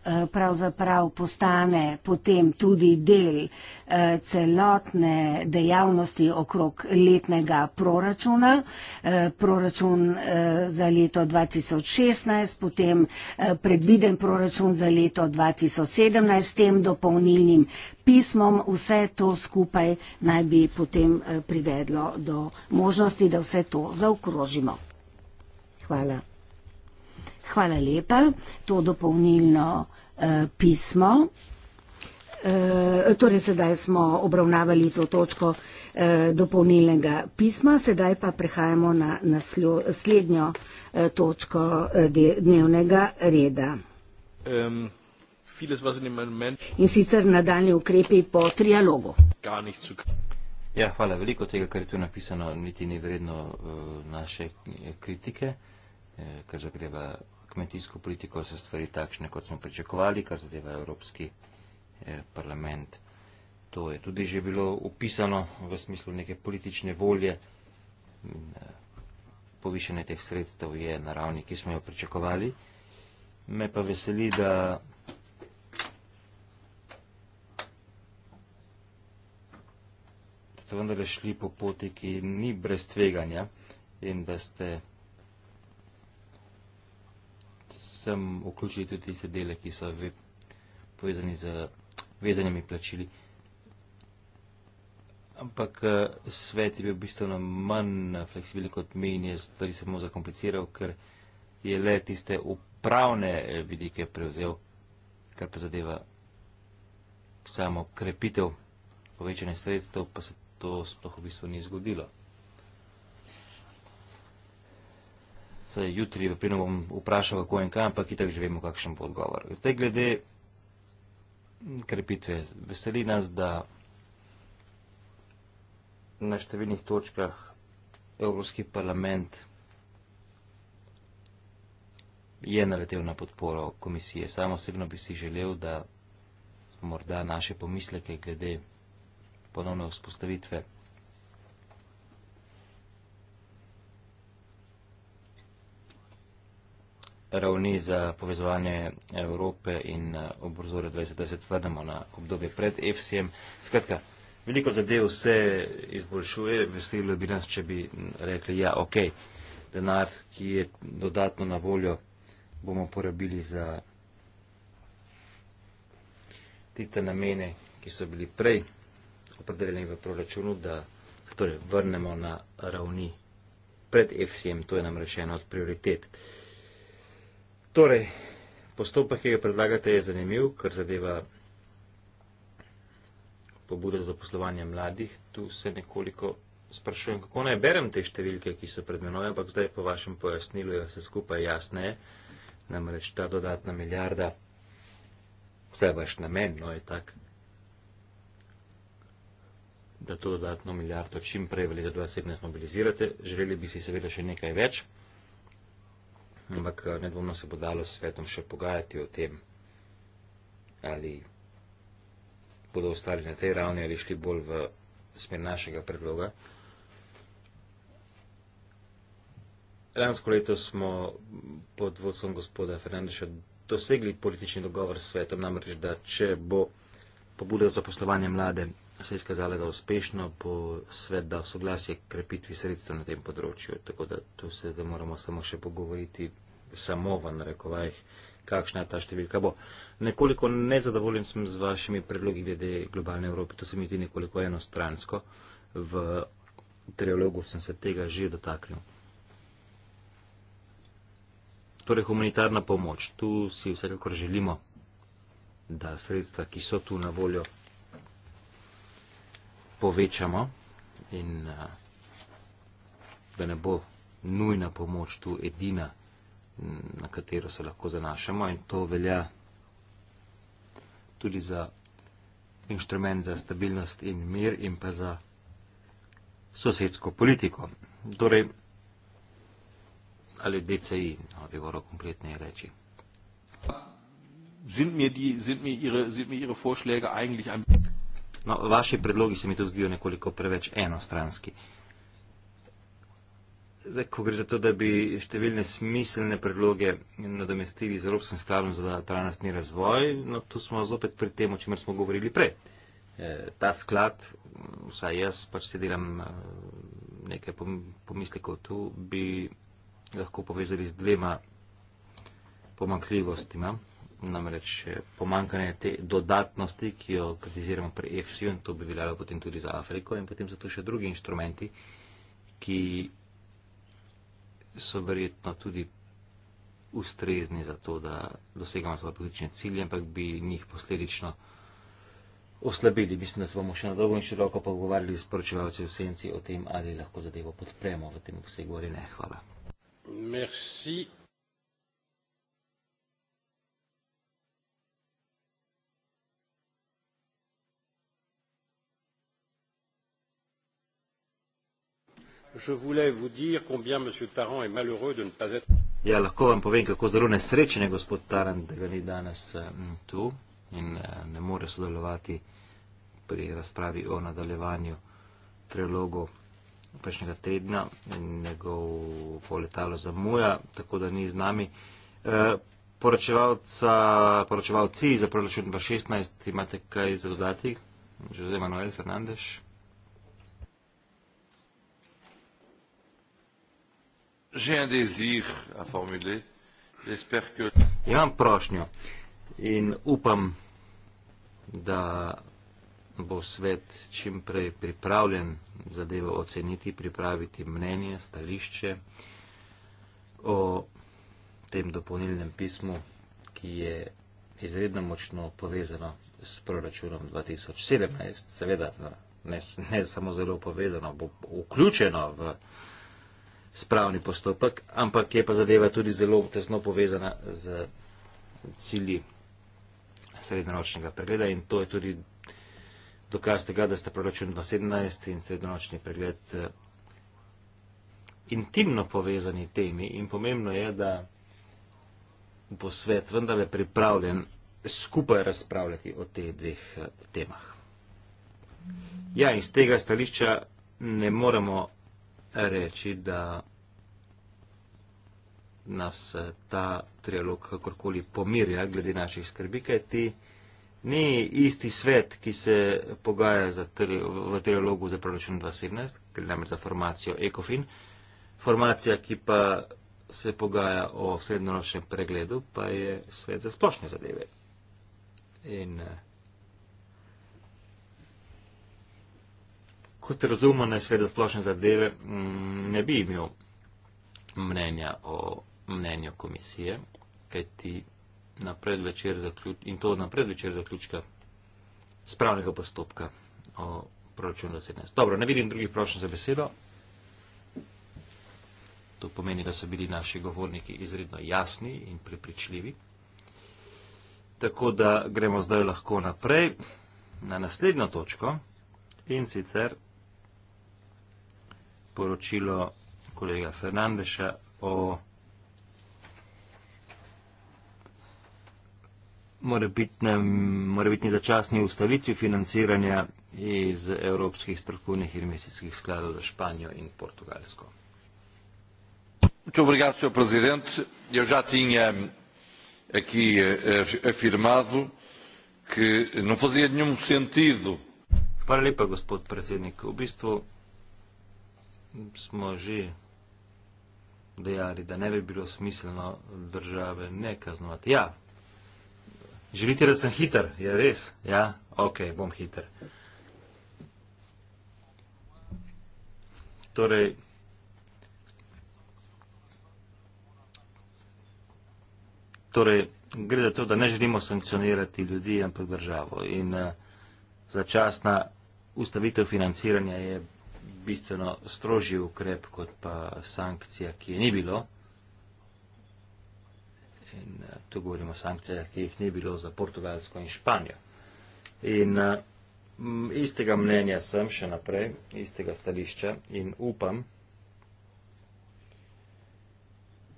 B: eh, pravzaprav postane potem tudi del celotne dejavnosti okrog letnega proračuna, proračun za leto 2016, potem predviden proračun za leto 2017 s tem dopolnilnim pismom. Vse to skupaj naj bi potem privedlo do možnosti, da vse to zaokrožimo. Hvala. Hvala lepa. To dopolnilno eh, pismo. Eh, torej, sedaj smo obravnavali to točko eh, dopolnilnega pisma, sedaj pa prehajamo na naslednjo eh, točko eh, dnevnega reda. Um. In sicer nadaljni ukrepi po trialogu.
A: Ja, hvala. Veliko tega, kar je tu napisano, niti ni vredno uh, naše kritike. Eh, ker zadeva kmetijsko politiko, so stvari takšne, kot smo pričakovali, kar zadeva Evropski eh, parlament. To je tudi že bilo upisano v smislu neke politične volje. Eh, povišanje teh sredstev je na ravni, ki smo jo pričakovali. Me pa veseli, da ste vendarle šli po poti, ki ni brez tveganja in da ste sem vključili tudi tiste dele, ki so ve, povezani z vezanjami plačili. Ampak eh, svet je bil bistveno manj eh, fleksibilen kot mi in je stvari samo zakompliciral, ker je le tiste upravne eh, vidike prevzel, kar pa zadeva samo krepitev povečanja sredstev, pa se to sploh v bistvu ni zgodilo. Zdaj, jutri vprino bom vprašal, kako in kaj, ampak itak že vemo, kakšen bo odgovor. Zdaj, glede krepitve, veseli nas, da na številnih točkah Evropski parlament je naletel na podporo komisije. Samo osebno bi si želel, da morda naše pomisleke glede ponovne vzpostavitve ravni za povezovanje Evrope in eh, obrozore 2020 vrnemo na obdobje pred FCM. Skratka, veliko zadev se izboljšuje, veselilo bi nas, če bi rekli, ja, ok, denar, ki je dodatno na voljo, bomo porabili za tiste namene, ki so bili prej opredeljeni v proračunu, da torej, vrnemo na ravni pred FCM, to je nam rešeno od prioritet. Torej, postopek, ki ga predlagate, je zanimiv, ker zadeva pobudo za poslovanje mladih. Tu se nekoliko sprašujem, kako naj berem te številke, ki so pred menoj, ampak zdaj po vašem pojasnilu je vse skupaj jasneje. Namreč ta dodatna milijarda, vse vaš namen, no je tak, da to dodatno milijardo čim prej v letu 2017 mobilizirate. Želeli bi si seveda še nekaj več. Ampak eh, nedvomno se bo dalo s svetom še pogajati o tem, ali bodo ostali na tej ravni ali šli bolj v smer našega predloga. Lansko leto smo pod vodstvom gospoda Fernandeša dosegli politični dogovor s svetom, namreč da če bo pobuda za poslovanje mlade se izkazala da uspešno, bo svet dal soglasje k krepitvi sredstev na tem področju. Tako da tu se da moramo samo še pogovoriti samo v narekovajih, kakšna ta številka bo. Nekoliko nezadovoljen sem z vašimi predlogi glede globalne Evrope, to se mi zdi nekoliko enostransko, v trilogu sem se tega že dotaknil. Torej, humanitarna pomoč. Tu si vsekakor želimo, da sredstva, ki so tu na voljo, povečamo in eh, da ne bo nujna pomoč tu edina na katero se lahko zanašamo in to velja tudi za inštrument za stabilnost in mir in pa za sosedsko politiko. Torej, ali DCI, ali no, bi moral konkretneje reči. No, vaši predlogi se mi tu zdijo nekoliko preveč enostranski. Uh, Zdaj, ko gre za to, da bi številne smiselne predloge nadomestili z Evropskim skladom za trajnostni razvoj, no tu smo zopet pri tem, o čemer smo govorili prej. E, ta sklad, vsaj jaz pač se delam e, nekaj pomislekov tu, bi lahko povezali z dvema pomankljivostima. Namreč e, pomankanje te dodatnosti, ki jo kritiziramo pri EFSI-ju in to bi veljalo potem tudi za Afriko in potem so tu še drugi inštrumenti, ki so verjetno tudi ustrezni za to, da dosegamo svoje politične cilje, ampak bi njih posledično oslabili. Mislim, da se bomo še na dolgo in široko pogovarjali s poročevalci v senci o tem, ali lahko zadevo podpremo v tem obsegu ali ne. Hvala.
B: Merci.
A: je voulais vous dire combien M. Tarrant est malheureux de ne pas être. Ja, lahko vam povem, kako zelo nesrečen je gospod Tarant, da ga ni danes eh, m, tu in eh, ne more sodelovati pri razpravi o nadaljevanju trilogu prejšnjega tedna in njegov poletalo za muja, tako da ni z nami. E, poročevalci za proračun 2016 imate kaj za dodati? Jose Manuel Fernandez. Imam prošnjo in upam, da bo svet čim prej pripravljen zadevo oceniti, pripraviti mnenje, stališče o tem dopolnilnem pismu, ki je izredno močno povezano s proračunom 2017. Seveda, ne, ne samo zelo povezano, bo vključeno v spravni postopek, ampak je pa zadeva tudi zelo tesno povezana z cilji srednjeročnega pregleda in to je tudi dokaz tega, da sta proračun 2017 in srednjeročni pregled eh, intimno povezani temi in pomembno je, da bo svet vendarle pripravljen skupaj razpravljati o teh dveh eh, temah. Ja, in z tega stališča ne moremo reči, da nas eh, ta trialog kakorkoli pomirja glede naših skrbi, kaj ti ni isti svet, ki se pogaja v trialogu za proračun 2017, gre namreč za formacijo ECOFIN, formacija, ki pa se pogaja o srednjeročnem pregledu, pa je svet za splošne zadeve. In, uh, kot razumene sveda splošne zadeve, mm, ne bi imel mnenja o mnenju komisije, kajti na predvečer zaključ, in to na predvečer zaključka spravnega postopka o proračunu za 17. Dobro, ne vidim drugih prošenj za besedo. To pomeni, da so bili naši govorniki izredno jasni in prepričljivi. Tako da gremo zdaj lahko naprej na naslednjo točko in sicer poročilo kolega Fernandeša o morebitni začasni ustavitvi financiranja iz evropskih strokovnih investicijskih skladov za Španijo in Portugalsko. Muito obrigado, Sr. Presidente. Eu já tinha eh, aqui eh, afirmado que não fazia nenhum sentido. Hvala lepa, gospod predsednik. V bistvu smo že dejali, da ne bi bilo smiselno države ne kaznovati. Ja, želite, da sem hiter, je ja, res? Ja, ok, bom hiter. Torej, torej, gre za to, da ne želimo sankcionirati ljudi, ampak državo. In uh, začasna ustavitev financiranja je bistveno strožji ukrep kot pa sankcija, ki je ni bilo. In eh, tu govorimo o sankcijah, ki jih ni bilo za Portugalsko in Španijo. In eh, istega mnenja sem še naprej, istega stališča in upam,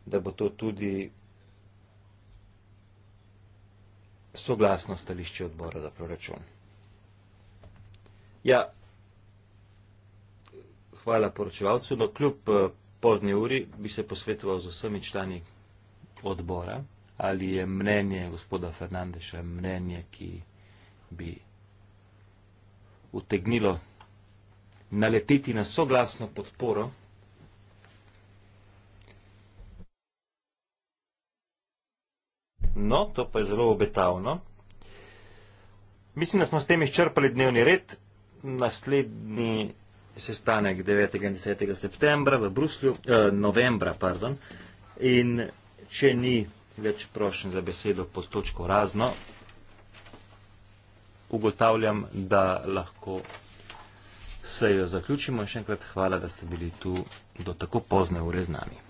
A: da bo to tudi soglasno stališče odbora za proračun. Ja, hvala poročevalcu. No, kljub eh, pozni uri bi se posvetoval z vsemi člani odbora, ali je mnenje gospoda Fernandeša mnenje, ki bi utegnilo naleteti na soglasno podporo. No, to pa je zelo obetavno. Mislim, da smo s tem izčrpali dnevni red. Naslednji sestanek 9. in 10. septembra v Bruslju, eh, novembra, pardon, in če ni več prošen za besedo pod točko razno, ugotavljam, da lahko sejo zaključimo. Še enkrat hvala, da ste bili tu do tako pozne ure z nami.